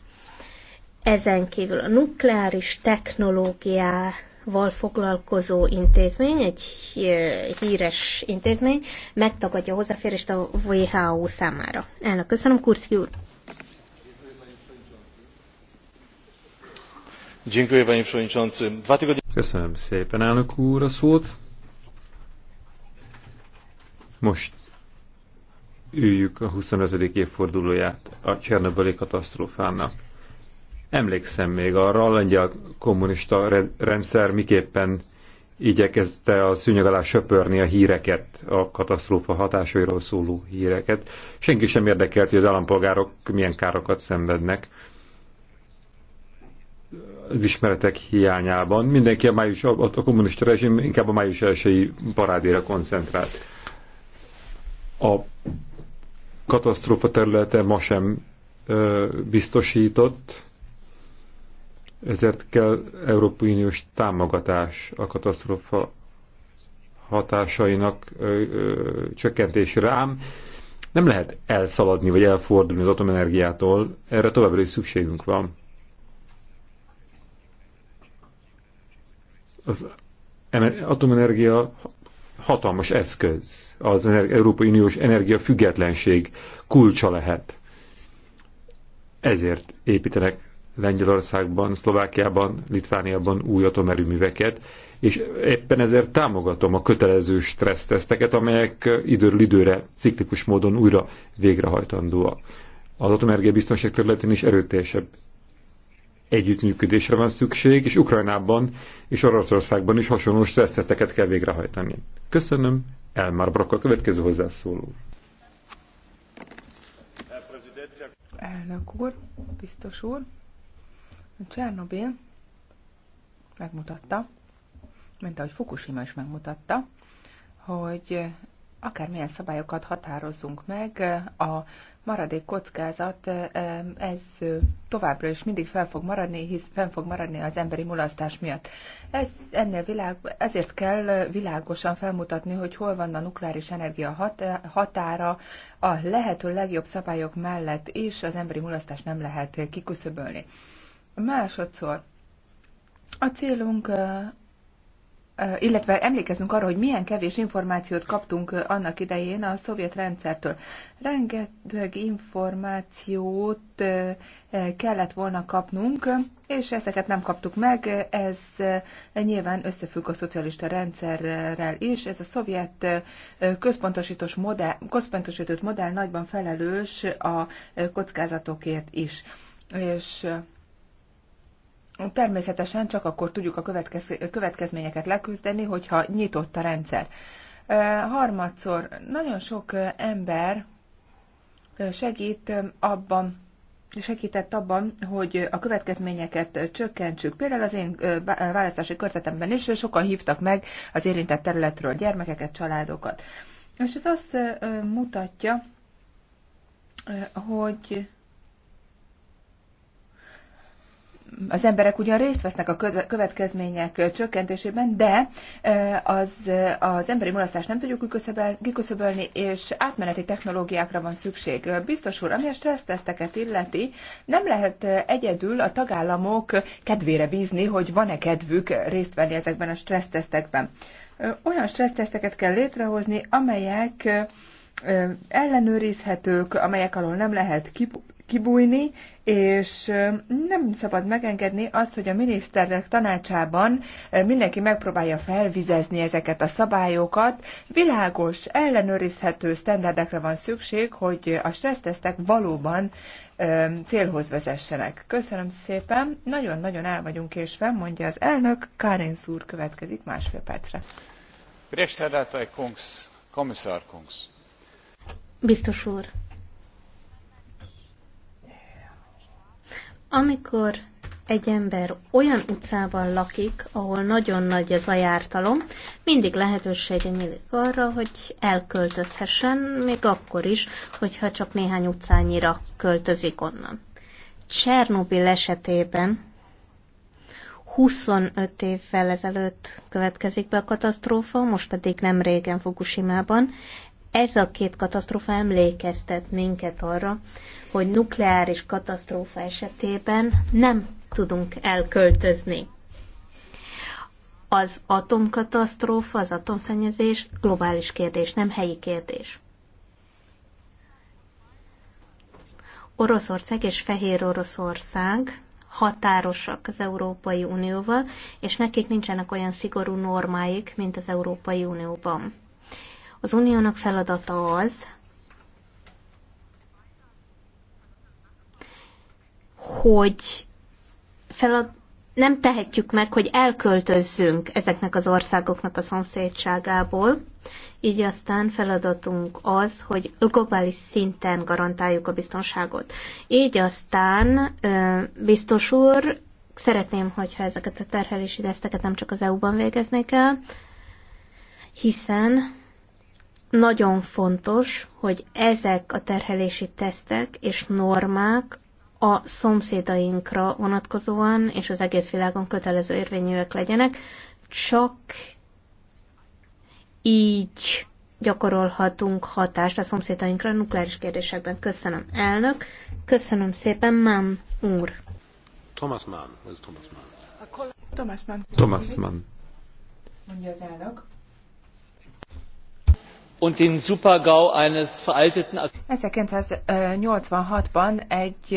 Ezen kívül a nukleáris technológiá val foglalkozó intézmény, egy híres intézmény, megtagadja a hozzáférést a WHO számára. Elnök, köszönöm, Kurszki úr! Köszönöm szépen, elnök úr, a szót. Most üljük a 25. évfordulóját a Csernoböli katasztrófának. Emlékszem még arra, a lengyel kommunista rendszer miképpen igyekezte a szűnyeg alá söpörni a híreket, a katasztrófa hatásairól szóló híreket. Senki sem érdekelt, hogy az állampolgárok milyen károkat szenvednek az ismeretek hiányában. Mindenki a, május, a, a kommunista rezsim inkább a május elsői parádéra koncentrált. A katasztrófa területe ma sem ö, biztosított, ezért kell Európai Uniós támogatás a katasztrófa hatásainak ö, ö, csökkentésére. Ám nem lehet elszaladni vagy elfordulni az atomenergiától, erre továbbra is szükségünk van. az atomenergia hatalmas eszköz, az Európai Uniós energia függetlenség kulcsa lehet. Ezért építenek Lengyelországban, Szlovákiában, Litvániában új atomerőműveket, és éppen ezért támogatom a kötelező stresszteszteket, amelyek időről időre ciklikus módon újra végrehajtandóak. Az atomenergia biztonság területén is erőteljesebb együttműködésre van szükség, és Ukrajnában és Oroszországban is hasonló stressztesteket kell végrehajtani. Köszönöm, Elmar Brock a következő hozzászóló. Elnök úr, biztos úr, a Csernobil megmutatta, mint ahogy Fukushima is megmutatta, hogy akármilyen szabályokat határozzunk meg, a maradék kockázat, ez továbbra is mindig fel fog maradni, hisz fel fog maradni az emberi mulasztás miatt. Ez, ennél világ, ezért kell világosan felmutatni, hogy hol van a nukleáris energia hat, határa, a lehető legjobb szabályok mellett is az emberi mulasztás nem lehet kiküszöbölni. Másodszor, a célunk illetve emlékezzünk arra, hogy milyen kevés információt kaptunk annak idején a szovjet rendszertől. Rengeteg információt kellett volna kapnunk, és ezeket nem kaptuk meg. Ez nyilván összefügg a szocialista rendszerrel is. Ez a szovjet központosítós modell, központosított modell nagyban felelős a kockázatokért is. És Természetesen csak akkor tudjuk a következ, következményeket leküzdeni, hogyha nyitott a rendszer. Harmadszor, nagyon sok ember segít abban, segített abban, hogy a következményeket csökkentsük. Például az én választási körzetemben is sokan hívtak meg az érintett területről gyermekeket, családokat. És ez azt mutatja, hogy az emberek ugyan részt vesznek a következmények csökkentésében, de az, az emberi mulasztást nem tudjuk kiköszöbölni, és átmeneti technológiákra van szükség. Biztos úr, ami a stresszteszteket illeti, nem lehet egyedül a tagállamok kedvére bízni, hogy van-e kedvük részt venni ezekben a stressztesztekben. Olyan stresszteszteket kell létrehozni, amelyek ellenőrizhetők, amelyek alól nem lehet kibújni, és nem szabad megengedni azt, hogy a miniszternek tanácsában mindenki megpróbálja felvizezni ezeket a szabályokat. Világos, ellenőrizhető sztenderdekre van szükség, hogy a stressztesztek valóban célhoz vezessenek. Köszönöm szépen, nagyon-nagyon el vagyunk késve, mondja az elnök, Kárin Szúr következik másfél percre. Biztos úr, Amikor egy ember olyan utcában lakik, ahol nagyon nagy az a mindig lehetősége nyílik arra, hogy elköltözhessen, még akkor is, hogyha csak néhány utcányira költözik onnan. Csernobil esetében 25 évvel ezelőtt következik be a katasztrófa, most pedig nem régen Fukushima-ban. Ez a két katasztrófa emlékeztet minket arra, hogy nukleáris katasztrófa esetében nem tudunk elköltözni. Az atomkatasztrófa, az atomszennyezés globális kérdés, nem helyi kérdés. Oroszország és Fehér Oroszország határosak az Európai Unióval, és nekik nincsenek olyan szigorú normáik, mint az Európai Unióban. Az uniónak feladata az, hogy felad, nem tehetjük meg, hogy elköltözzünk ezeknek az országoknak a szomszédságából, így aztán feladatunk az, hogy globális szinten garantáljuk a biztonságot. Így aztán, biztos úr, szeretném, hogyha ezeket a terhelési teszteket nem csak az EU-ban végeznék el, hiszen nagyon fontos, hogy ezek a terhelési tesztek és normák a szomszédainkra vonatkozóan és az egész világon kötelező érvényűek legyenek, csak így gyakorolhatunk hatást a szomszédainkra a nukleáris kérdésekben. Köszönöm, elnök. Köszönöm szépen, Mann úr. Thomas Mann, ez Thomas Mann. Thomas Mann. Thomas Mann. Mondja az elnök und den Supergau eines veralteten 1986-ban egy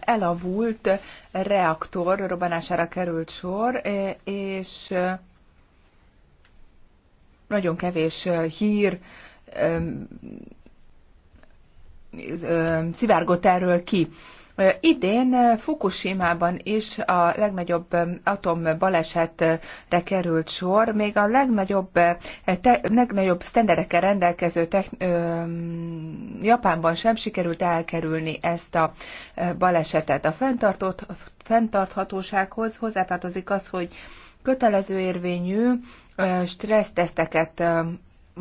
elavult reaktor robbanására került sor, és nagyon kevés hír szivárgott erről ki. Idén Fukushima-ban is a legnagyobb atombalesetre került sor, még a legnagyobb, te, legnagyobb sztenderekkel rendelkező te, ö, Japánban sem sikerült elkerülni ezt a balesetet. A fenntartott, fenntarthatósághoz hozzátartozik az, hogy kötelező érvényű stresszteszteket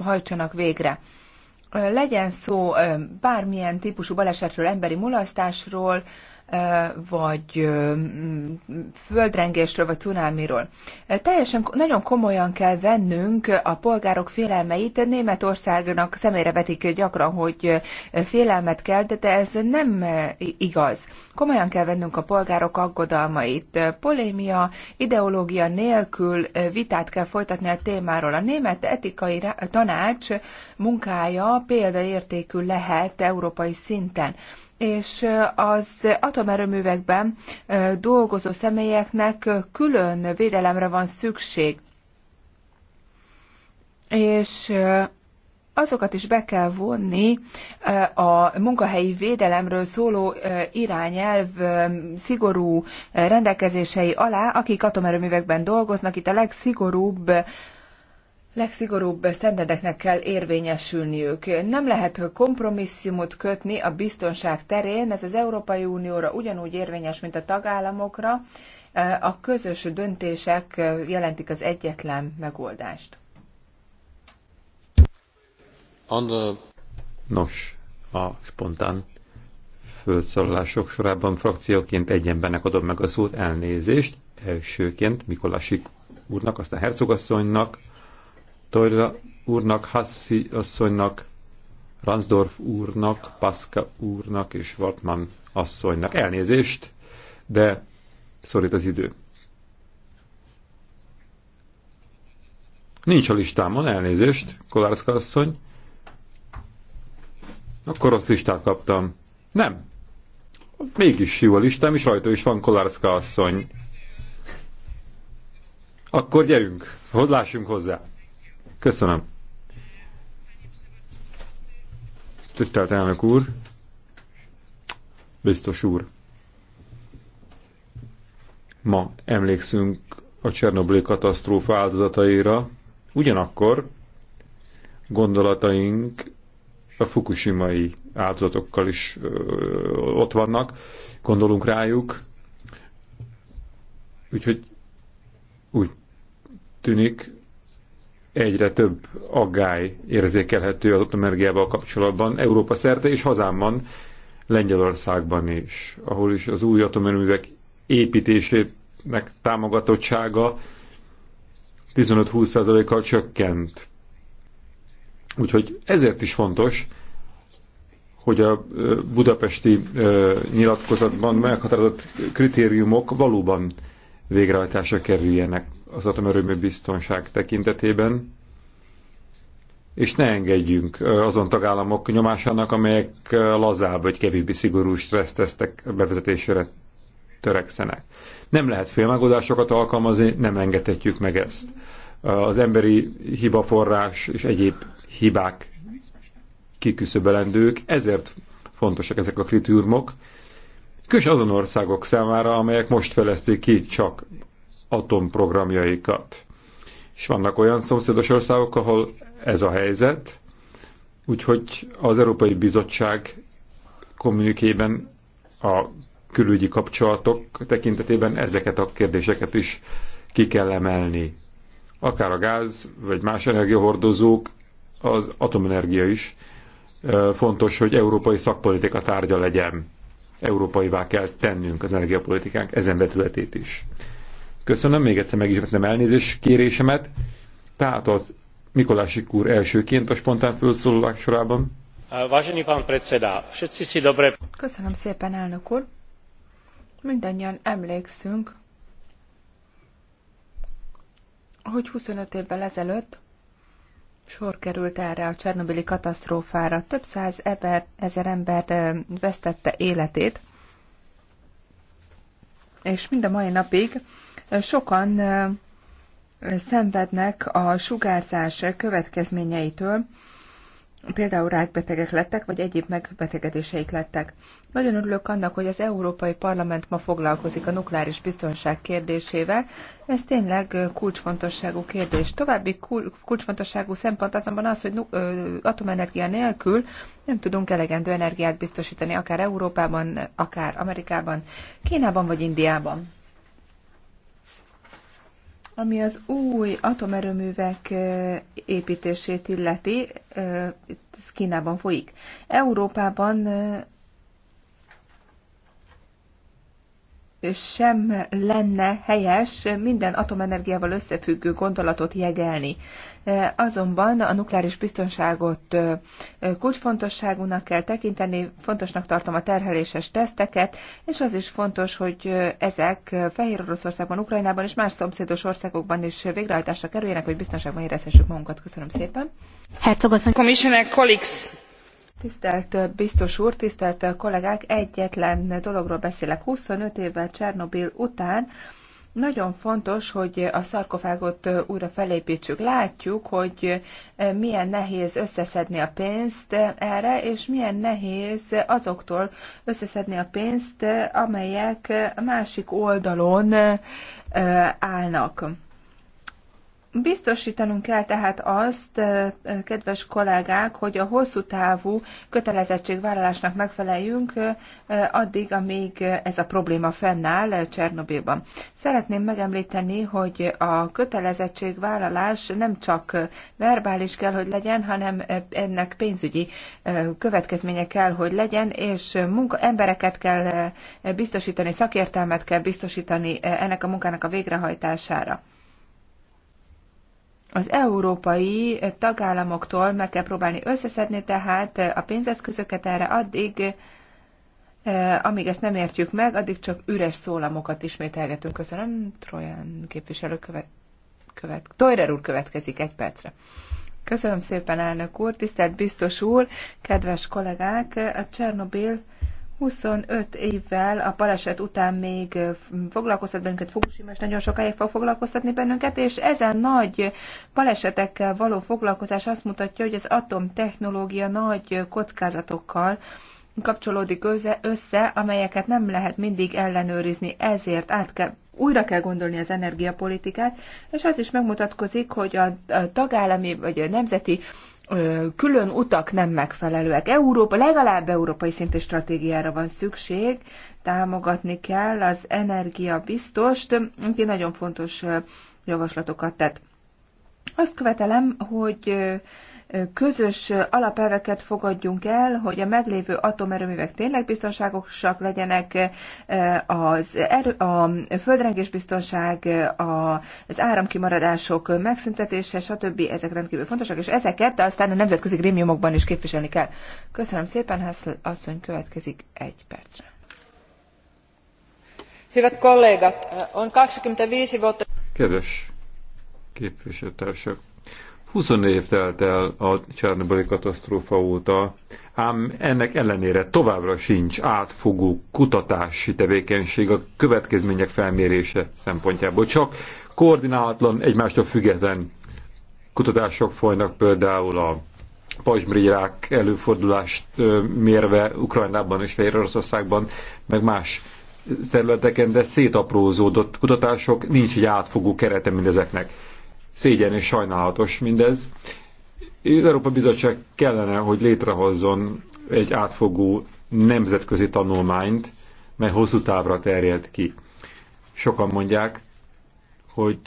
hajtsanak végre legyen szó bármilyen típusú balesetről, emberi mulasztásról, vagy földrengésről, vagy cunámiról. Teljesen nagyon komolyan kell vennünk a polgárok félelmeit. Németországnak szemére vetik gyakran, hogy félelmet kell, de ez nem igaz. Komolyan kell vennünk a polgárok aggodalmait. Polémia, ideológia nélkül vitát kell folytatni a témáról. A német etikai tanács munkája példaértékű lehet európai szinten és az atomerőművekben dolgozó személyeknek külön védelemre van szükség. És azokat is be kell vonni a munkahelyi védelemről szóló irányelv szigorú rendelkezései alá, akik atomerőművekben dolgoznak. Itt a legszigorúbb legszigorúbb sztenderdeknek kell érvényesülniük. Nem lehet kompromisszumot kötni a biztonság terén, ez az Európai Unióra ugyanúgy érvényes, mint a tagállamokra. A közös döntések jelentik az egyetlen megoldást. The... Nos, a spontán fölszólalások sorában frakcióként egy embernek adom meg a szót elnézést. Elsőként Mikolasik úrnak, aztán Hercogasszonynak, Tojra úrnak, Hassi asszonynak, Ransdorf úrnak, Paska úrnak és Wartman asszonynak. Elnézést, de szorít az idő. Nincs a listámon, elnézést, Kolárszka asszony. Akkor rossz listát kaptam. Nem. Mégis jó a listám, és rajta is van Kolárszka asszony. Akkor gyerünk, hogy lássunk hozzá. Köszönöm. Tisztelt elnök úr, biztos úr, ma emlékszünk a Csernobili katasztrófa áldozataira, ugyanakkor gondolataink a fukushimai áldozatokkal is ö, ott vannak, gondolunk rájuk, úgyhogy úgy tűnik, egyre több aggály érzékelhető az atomenergiával kapcsolatban, Európa szerte és hazámban, Lengyelországban is, ahol is az új atomerőművek építésének támogatottsága 15-20%-kal csökkent. Úgyhogy ezért is fontos, hogy a budapesti nyilatkozatban meghatározott kritériumok valóban végrehajtásra kerüljenek az atomerőmű biztonság tekintetében, és ne engedjünk azon tagállamok nyomásának, amelyek lazább vagy kevésbé szigorú stressztesztek bevezetésére törekszenek. Nem lehet félmegoldásokat alkalmazni, nem engedhetjük meg ezt. Az emberi hibaforrás és egyéb hibák kiküszöbelendők, ezért fontosak ezek a kritériumok, Kös azon országok számára, amelyek most fejleszték ki csak atomprogramjaikat. És vannak olyan szomszédos országok, ahol ez a helyzet, úgyhogy az Európai Bizottság kommunikében a külügyi kapcsolatok tekintetében ezeket a kérdéseket is ki kell emelni. Akár a gáz, vagy más energiahordozók, az atomenergia is fontos, hogy európai szakpolitika tárgya legyen. Európaivá kell tennünk az energiapolitikánk ezen vetületét is. Köszönöm, még egyszer megismertem elnézés kérésemet. Tehát az Mikolási úr elsőként a spontán felszólalás sorában. Vážený pán predseda, všetci si dobre... Köszönöm szépen, elnök úr. Mindannyian emlékszünk, hogy 25 évvel ezelőtt sor került erre a Csernobili katasztrófára. Több száz ember, ezer ember vesztette életét, és mind a mai napig Sokan szenvednek a sugárzás következményeitől, például rákbetegek lettek, vagy egyéb megbetegedéseik lettek. Nagyon örülök annak, hogy az Európai Parlament ma foglalkozik a nukleáris biztonság kérdésével. Ez tényleg kulcsfontosságú kérdés. További kulcsfontosságú szempont azonban az, hogy atomenergia nélkül nem tudunk elegendő energiát biztosítani, akár Európában, akár Amerikában, Kínában vagy Indiában. Ami az új atomerőművek építését illeti, ez Kínában folyik. Európában sem lenne helyes minden atomenergiával összefüggő gondolatot jegelni. E, azonban a nukleáris biztonságot e, kulcsfontosságúnak kell tekinteni, fontosnak tartom a terheléses teszteket, és az is fontos, hogy ezek Fehér Oroszországban, Ukrajnában és más szomszédos országokban is végrehajtásra kerüljenek, hogy biztonságban érezhessük magunkat. Köszönöm szépen. Herzogasszony. Commissioner colleagues. Tisztelt biztos úr, tisztelt kollégák, egyetlen dologról beszélek. 25 évvel Csernobil után nagyon fontos, hogy a szarkofágot újra felépítsük. Látjuk, hogy milyen nehéz összeszedni a pénzt erre, és milyen nehéz azoktól összeszedni a pénzt, amelyek másik oldalon állnak. Biztosítanunk kell tehát azt, kedves kollégák, hogy a hosszú távú kötelezettségvállalásnak megfeleljünk addig, amíg ez a probléma fennáll Csernobilban. Szeretném megemlíteni, hogy a kötelezettségvállalás nem csak verbális kell, hogy legyen, hanem ennek pénzügyi következménye kell, hogy legyen, és munka, embereket kell biztosítani, szakértelmet kell biztosítani ennek a munkának a végrehajtására az európai tagállamoktól meg kell próbálni összeszedni tehát a pénzeszközöket erre addig, eh, amíg ezt nem értjük meg, addig csak üres szólamokat ismételgetünk. Köszönöm, Trojan képviselő követ, követ, Toyrer úr következik egy percre. Köszönöm szépen, elnök úr, tisztelt biztos úr, kedves kollégák, a Csernobil 25 évvel a baleset után még foglalkoztat bennünket Fukushima, és nagyon sokáig fog foglalkoztatni bennünket, és ezen nagy balesetekkel való foglalkozás azt mutatja, hogy az atomtechnológia nagy kockázatokkal kapcsolódik össze, amelyeket nem lehet mindig ellenőrizni, ezért át kell újra kell gondolni az energiapolitikát, és az is megmutatkozik, hogy a tagállami vagy a nemzeti külön utak nem megfelelőek. Európa, legalább európai szintű stratégiára van szükség, támogatni kell az energia biztost, aki nagyon fontos javaslatokat tett. Azt követelem, hogy közös alapelveket fogadjunk el, hogy a meglévő atomerőművek tényleg biztonságosak legyenek, eh, az erő, a földrengésbiztonság, eh, az áramkimaradások megszüntetése, stb. ezek rendkívül fontosak, és ezeket de aztán a nemzetközi grémiumokban is képviselni kell. Köszönöm szépen, Hassel asszony következik egy percre. Hyvät kollégat, eh, on 25 vuotta... Kedves képviselőtársak, 20 év telt el a Csernobyli katasztrófa óta, ám ennek ellenére továbbra sincs átfogó kutatási tevékenység a következmények felmérése szempontjából. Csak koordinálatlan, egymástól független kutatások folynak például a pajzsmirigyrák előfordulást mérve Ukrajnában és Fehér Oroszországban, meg más területeken, de szétaprózódott kutatások, nincs egy átfogó kerete mindezeknek Szégyen és sajnálatos mindez. Az Európa Bizottság kellene, hogy létrehozzon egy átfogó nemzetközi tanulmányt, mely hosszú távra terjed ki. Sokan mondják, hogy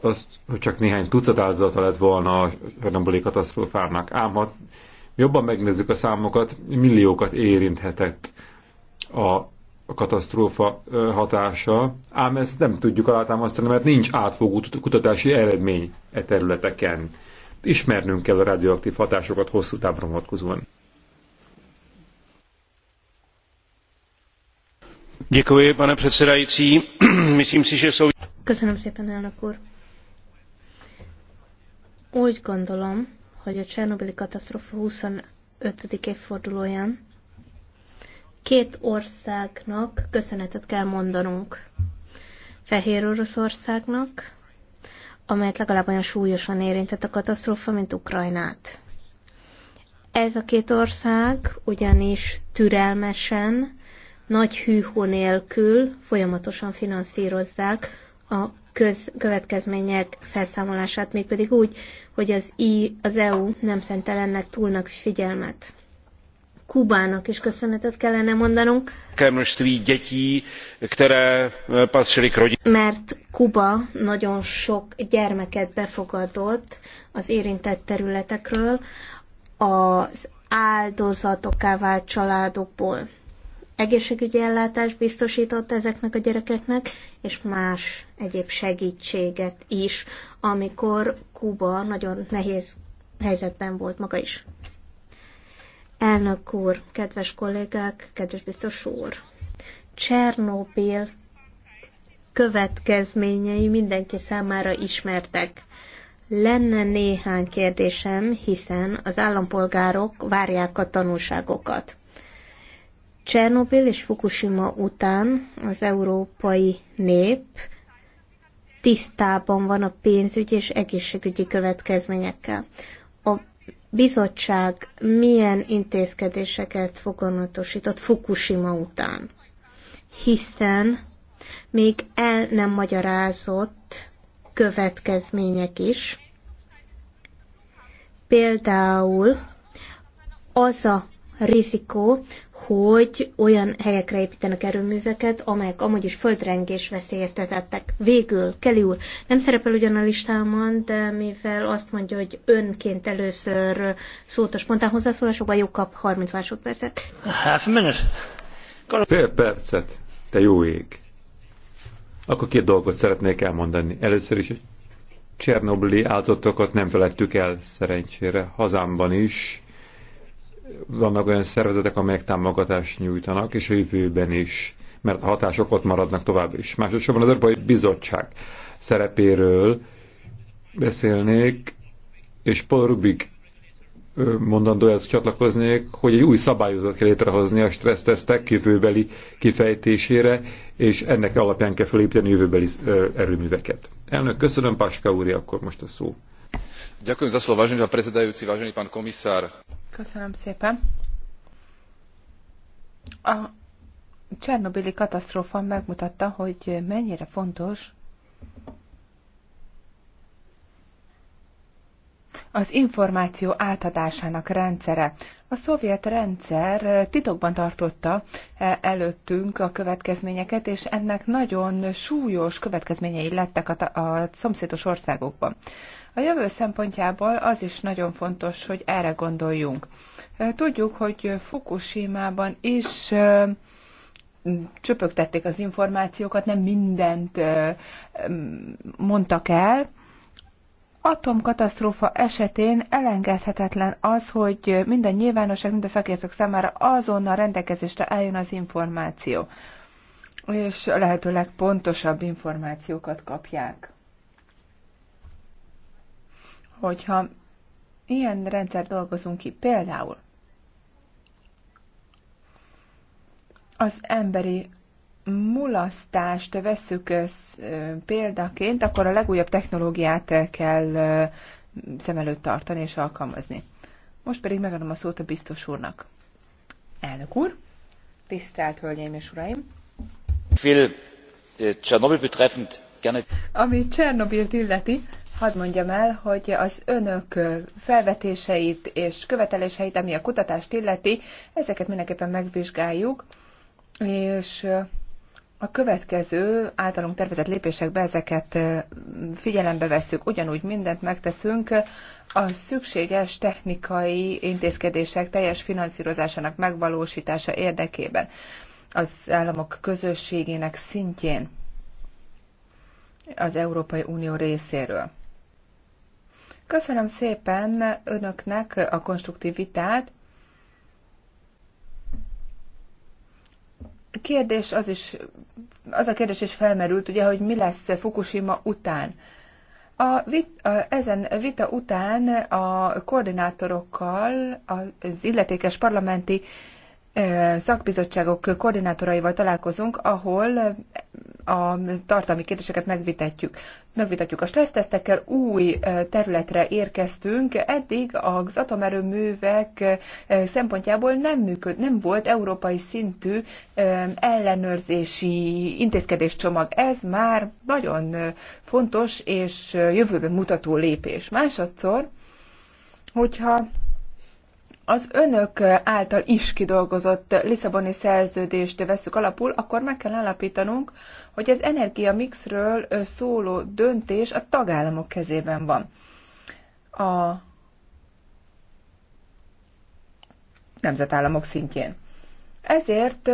azt, hogy csak néhány tucat áldozata lett volna a Csernobili katasztrófának. Ám ha jobban megnézzük a számokat, milliókat érinthetett a a katasztrófa hatása, ám ezt nem tudjuk alátámasztani, mert nincs átfogó kutatási eredmény e területeken. Ismernünk kell a radioaktív hatásokat hosszú távra vonatkozóan. Děkuji, pane předsedající. Myslím si, že jsou... Köszönöm szépen, elnök úr. Úgy gondolom, hogy a Csernobili katasztrófa 25. évfordulóján Két országnak köszönetet kell mondanunk. Fehér Oroszországnak, amelyet legalább olyan súlyosan érintett a katasztrófa, mint Ukrajnát. Ez a két ország ugyanis türelmesen, nagy hűhó nélkül folyamatosan finanszírozzák a köz következmények felszámolását, mégpedig úgy, hogy az, I, az EU nem szentel ennek túlnak figyelmet. Kubának is köszönetet kellene mondanunk. Eh, Mert Kuba nagyon sok gyermeket befogadott az érintett területekről, az áldozatokká vált családokból. Egészségügyi ellátást biztosított ezeknek a gyerekeknek, és más egyéb segítséget is, amikor Kuba nagyon nehéz helyzetben volt maga is. Elnök úr, kedves kollégák, kedves biztos úr! Csernóbil következményei mindenki számára ismertek. Lenne néhány kérdésem, hiszen az állampolgárok várják a tanulságokat. Csernobil és Fukushima után az európai nép tisztában van a pénzügyi és egészségügyi következményekkel bizottság milyen intézkedéseket foganatosított Fukushima után, hiszen még el nem magyarázott következmények is. Például az a rizikó, hogy olyan helyekre építenek erőműveket, amelyek amúgy is földrengés veszélyeztetettek. Végül, Kelly úr, nem szerepel ugyan a listámon, de mivel azt mondja, hogy önként először szólt a spontán hozzászólásokban, jó kap 30 másodpercet. Half a minute. Fél percet, te jó ég. Akkor két dolgot szeretnék elmondani. Először is, hogy Csernobli áldozatokat nem felejtjük el, szerencsére, hazámban is vannak olyan szervezetek, amelyek támogatást nyújtanak, és a jövőben is, mert a hatások ott maradnak tovább is. Másodszorban az Európai Bizottság szerepéről beszélnék, és Paul Rubik mondandójához csatlakoznék, hogy egy új szabályozat kell létrehozni a stressztesztek jövőbeli kifejtésére, és ennek alapján kell felépíteni jövőbeli erőműveket. Elnök, köszönöm, Paska úr, akkor most a szó. Ďakujem za slovo, vážený pán prezidajúci, vážený pán komisár. Köszönöm szépen. A Csernobili katasztrófa megmutatta, hogy mennyire fontos az információ átadásának rendszere. A szovjet rendszer titokban tartotta e előttünk a következményeket, és ennek nagyon súlyos következményei lettek a, a szomszédos országokban. A jövő szempontjából az is nagyon fontos, hogy erre gondoljunk. Tudjuk, hogy Fukushima-ban is csöpögtették az információkat, nem mindent mondtak el, atomkatasztrófa esetén elengedhetetlen az, hogy minden nyilvánosság, minden szakértők számára azonnal rendelkezésre álljon az információ, és lehetőleg pontosabb információkat kapják hogyha ilyen rendszer dolgozunk ki, például az emberi mulasztást vesszük példaként, akkor a legújabb technológiát kell szem előtt tartani és alkalmazni. Most pedig megadom a szót a biztos úrnak. Elnök úr, tisztelt Hölgyeim és Uraim! Ami Csernobilt illeti, hadd mondjam el, hogy az önök felvetéseit és követeléseit, ami a kutatást illeti, ezeket mindenképpen megvizsgáljuk, és a következő általunk tervezett lépésekbe ezeket figyelembe veszük, ugyanúgy mindent megteszünk a szükséges technikai intézkedések teljes finanszírozásának megvalósítása érdekében az államok közösségének szintjén az Európai Unió részéről. Köszönöm szépen önöknek a konstruktív vitát. Kérdés az is, az a kérdés is felmerült, ugye, hogy mi lesz Fukushima után. A vit, a, ezen vita után a koordinátorokkal, az illetékes parlamenti szakbizottságok koordinátoraival találkozunk, ahol a tartalmi kérdéseket megvitatjuk. Megvitatjuk a stressztesztekkel, új területre érkeztünk. Eddig az atomerőművek szempontjából nem, működ, nem volt európai szintű ellenőrzési intézkedéscsomag. Ez már nagyon fontos és jövőben mutató lépés. Másodszor, hogyha az önök által is kidolgozott Lisszaboni szerződést veszük alapul, akkor meg kell állapítanunk, hogy az energiamixről szóló döntés a tagállamok kezében van. A nemzetállamok szintjén. Ezért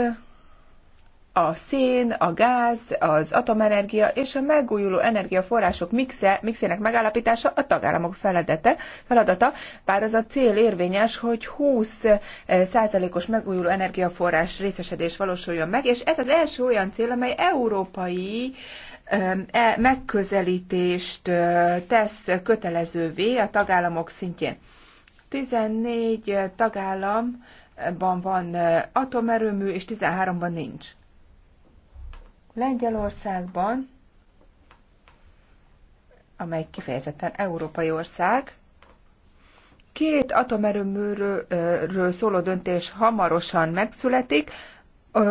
a szén, a gáz, az atomenergia és a megújuló energiaforrások mixe, mixének megállapítása a tagállamok feladata, feladata, bár az a cél érvényes, hogy 20 eh, százalékos megújuló energiaforrás részesedés valósuljon meg, és ez az első olyan cél, amely európai e, megközelítést eh, tesz kötelezővé a tagállamok szintjén. 14 tagállam van eh, atomerőmű, és 13-ban nincs. Lengyelországban, amely kifejezetten európai ország, két atomerőműről szóló döntés hamarosan megszületik,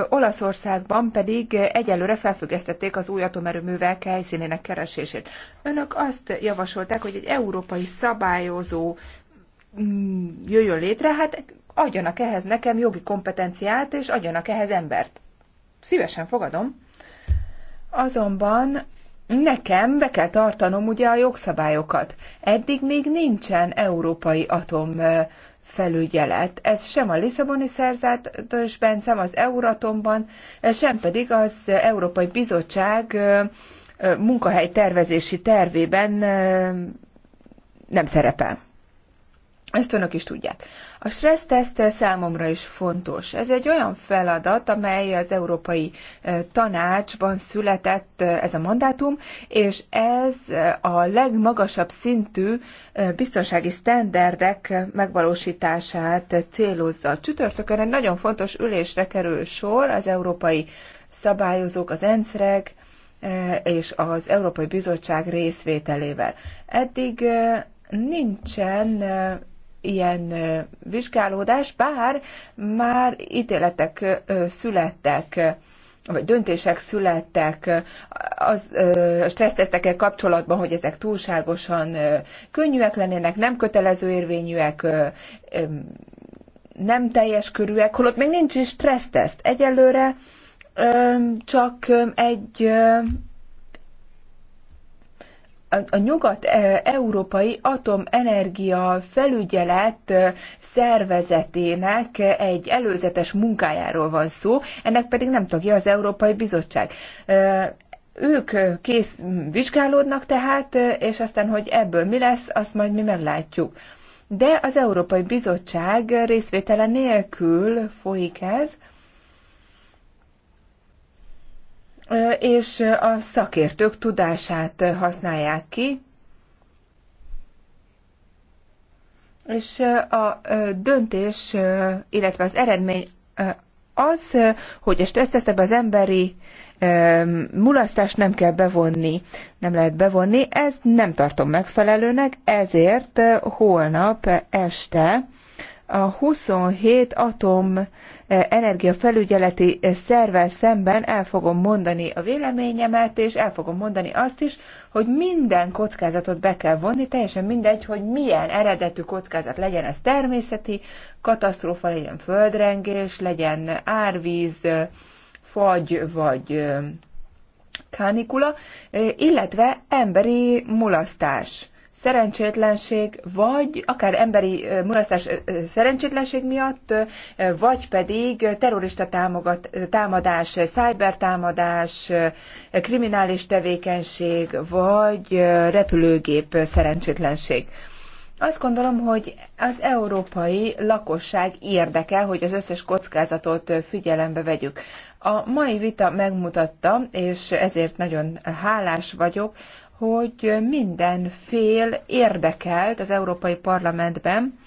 Olaszországban pedig egyelőre felfüggesztették az új atomerőművek helyszínének keresését. Önök azt javasolták, hogy egy európai szabályozó mm, jöjjön létre, hát adjanak ehhez nekem jogi kompetenciát, és adjanak ehhez embert. Szívesen fogadom. Azonban nekem be kell tartanom ugye a jogszabályokat. Eddig még nincsen európai atom felügyelet. Ez sem a Lisszaboni szerződésben, sem az Euratomban, sem pedig az Európai Bizottság munkahely tervezési tervében nem szerepel. Ezt önök is tudják. A stresszteszt számomra is fontos. Ez egy olyan feladat, amely az Európai Tanácsban született ez a mandátum, és ez a legmagasabb szintű biztonsági sztenderdek megvalósítását célozza. Csütörtökön egy nagyon fontos ülésre kerül sor az európai szabályozók, az ENCREG és az Európai Bizottság részvételével. Eddig nincsen ilyen vizsgálódás, bár már ítéletek születtek vagy döntések születtek az stressztesztekkel kapcsolatban, hogy ezek túlságosan könnyűek lennének, nem kötelező érvényűek, nem teljes körűek, holott még nincs is stresszteszt. Egyelőre csak egy a nyugat-európai e, atomenergia felügyelet e, szervezetének egy előzetes munkájáról van szó, ennek pedig nem tagja az Európai Bizottság e, ők kész vizsgálódnak tehát, és aztán, hogy ebből mi lesz, azt majd mi meglátjuk. De az Európai Bizottság részvétele nélkül folyik ez, és a szakértők tudását használják ki, és a döntés, illetve az eredmény az, hogy ezt ezt az emberi mulasztást nem kell bevonni, nem lehet bevonni, ezt nem tartom megfelelőnek, ezért holnap este a 27 atom energiafelügyeleti szervvel szemben el fogom mondani a véleményemet, és el fogom mondani azt is, hogy minden kockázatot be kell vonni, teljesen mindegy, hogy milyen eredetű kockázat legyen ez természeti, katasztrófa legyen földrengés, legyen árvíz, fagy vagy kánikula, illetve emberi mulasztás szerencsétlenség, vagy akár emberi mulasztás szerencsétlenség miatt, vagy pedig terrorista támogat, támadás, szájbertámadás, kriminális tevékenység, vagy repülőgép szerencsétlenség. Azt gondolom, hogy az európai lakosság érdeke, hogy az összes kockázatot figyelembe vegyük. A mai vita megmutatta, és ezért nagyon hálás vagyok, hogy minden fél érdekelt az Európai Parlamentben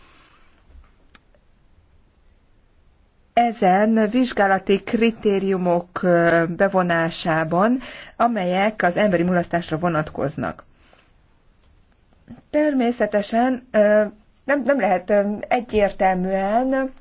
ezen vizsgálati kritériumok bevonásában, amelyek az emberi mulasztásra vonatkoznak. Természetesen nem, nem lehet egyértelműen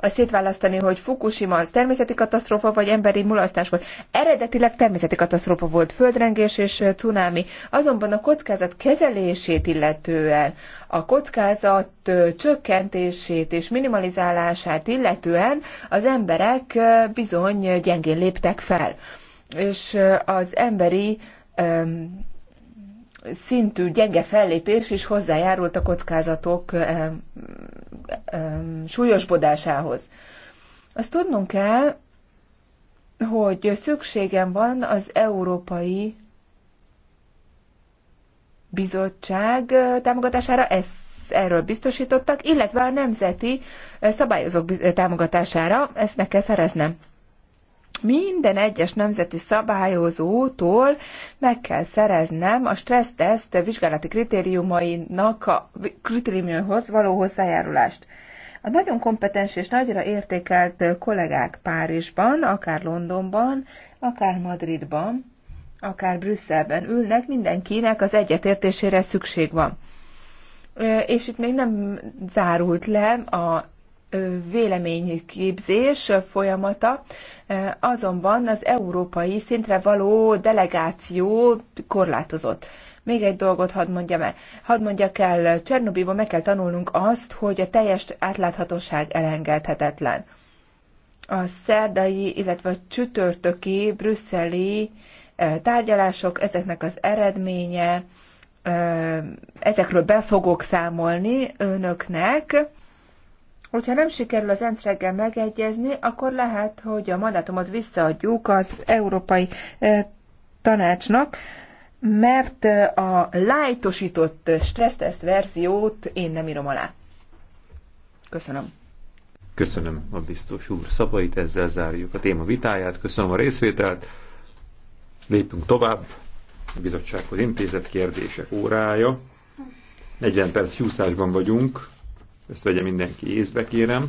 a szétválasztani, hogy Fukushima az természeti katasztrófa vagy emberi mulasztás volt. Eredetileg természeti katasztrófa volt, földrengés és cunámi. Azonban a kockázat kezelését illetően, a kockázat csökkentését és minimalizálását illetően az emberek bizony gyengén léptek fel. És az emberi szintű gyenge fellépés is hozzájárult a kockázatok súlyosbodásához. Azt tudnunk kell, hogy szükségem van az Európai Bizottság támogatására, ez erről biztosítottak, illetve a nemzeti szabályozók támogatására, ezt meg kell szereznem minden egyes nemzeti szabályozótól meg kell szereznem a stresszteszt vizsgálati kritériumainak a kritériumhoz való hozzájárulást. A nagyon kompetens és nagyra értékelt kollégák Párizsban, akár Londonban, akár Madridban, akár Brüsszelben ülnek, mindenkinek az egyetértésére szükség van. És itt még nem zárult le a véleményképzés folyamata, azonban az európai szintre való delegáció korlátozott. Még egy dolgot hadd mondjam el. Hadd mondjak el, Csernobiban meg kell tanulnunk azt, hogy a teljes átláthatóság elengedhetetlen. A szerdai, illetve a csütörtöki brüsszeli tárgyalások, ezeknek az eredménye, ezekről be fogok számolni önöknek, hogyha nem sikerül az ensz megegyezni, akkor lehet, hogy a mandátumot visszaadjuk az Európai eh, Tanácsnak, mert eh, a lájtosított stressztest verziót én nem írom alá. Köszönöm. Köszönöm a biztos úr szavait, ezzel zárjuk a téma vitáját, köszönöm a részvételt, lépünk tovább, a bizottsághoz intézett kérdések órája, 40 perc csúszásban vagyunk, ezt vegye mindenki észbe, kérem.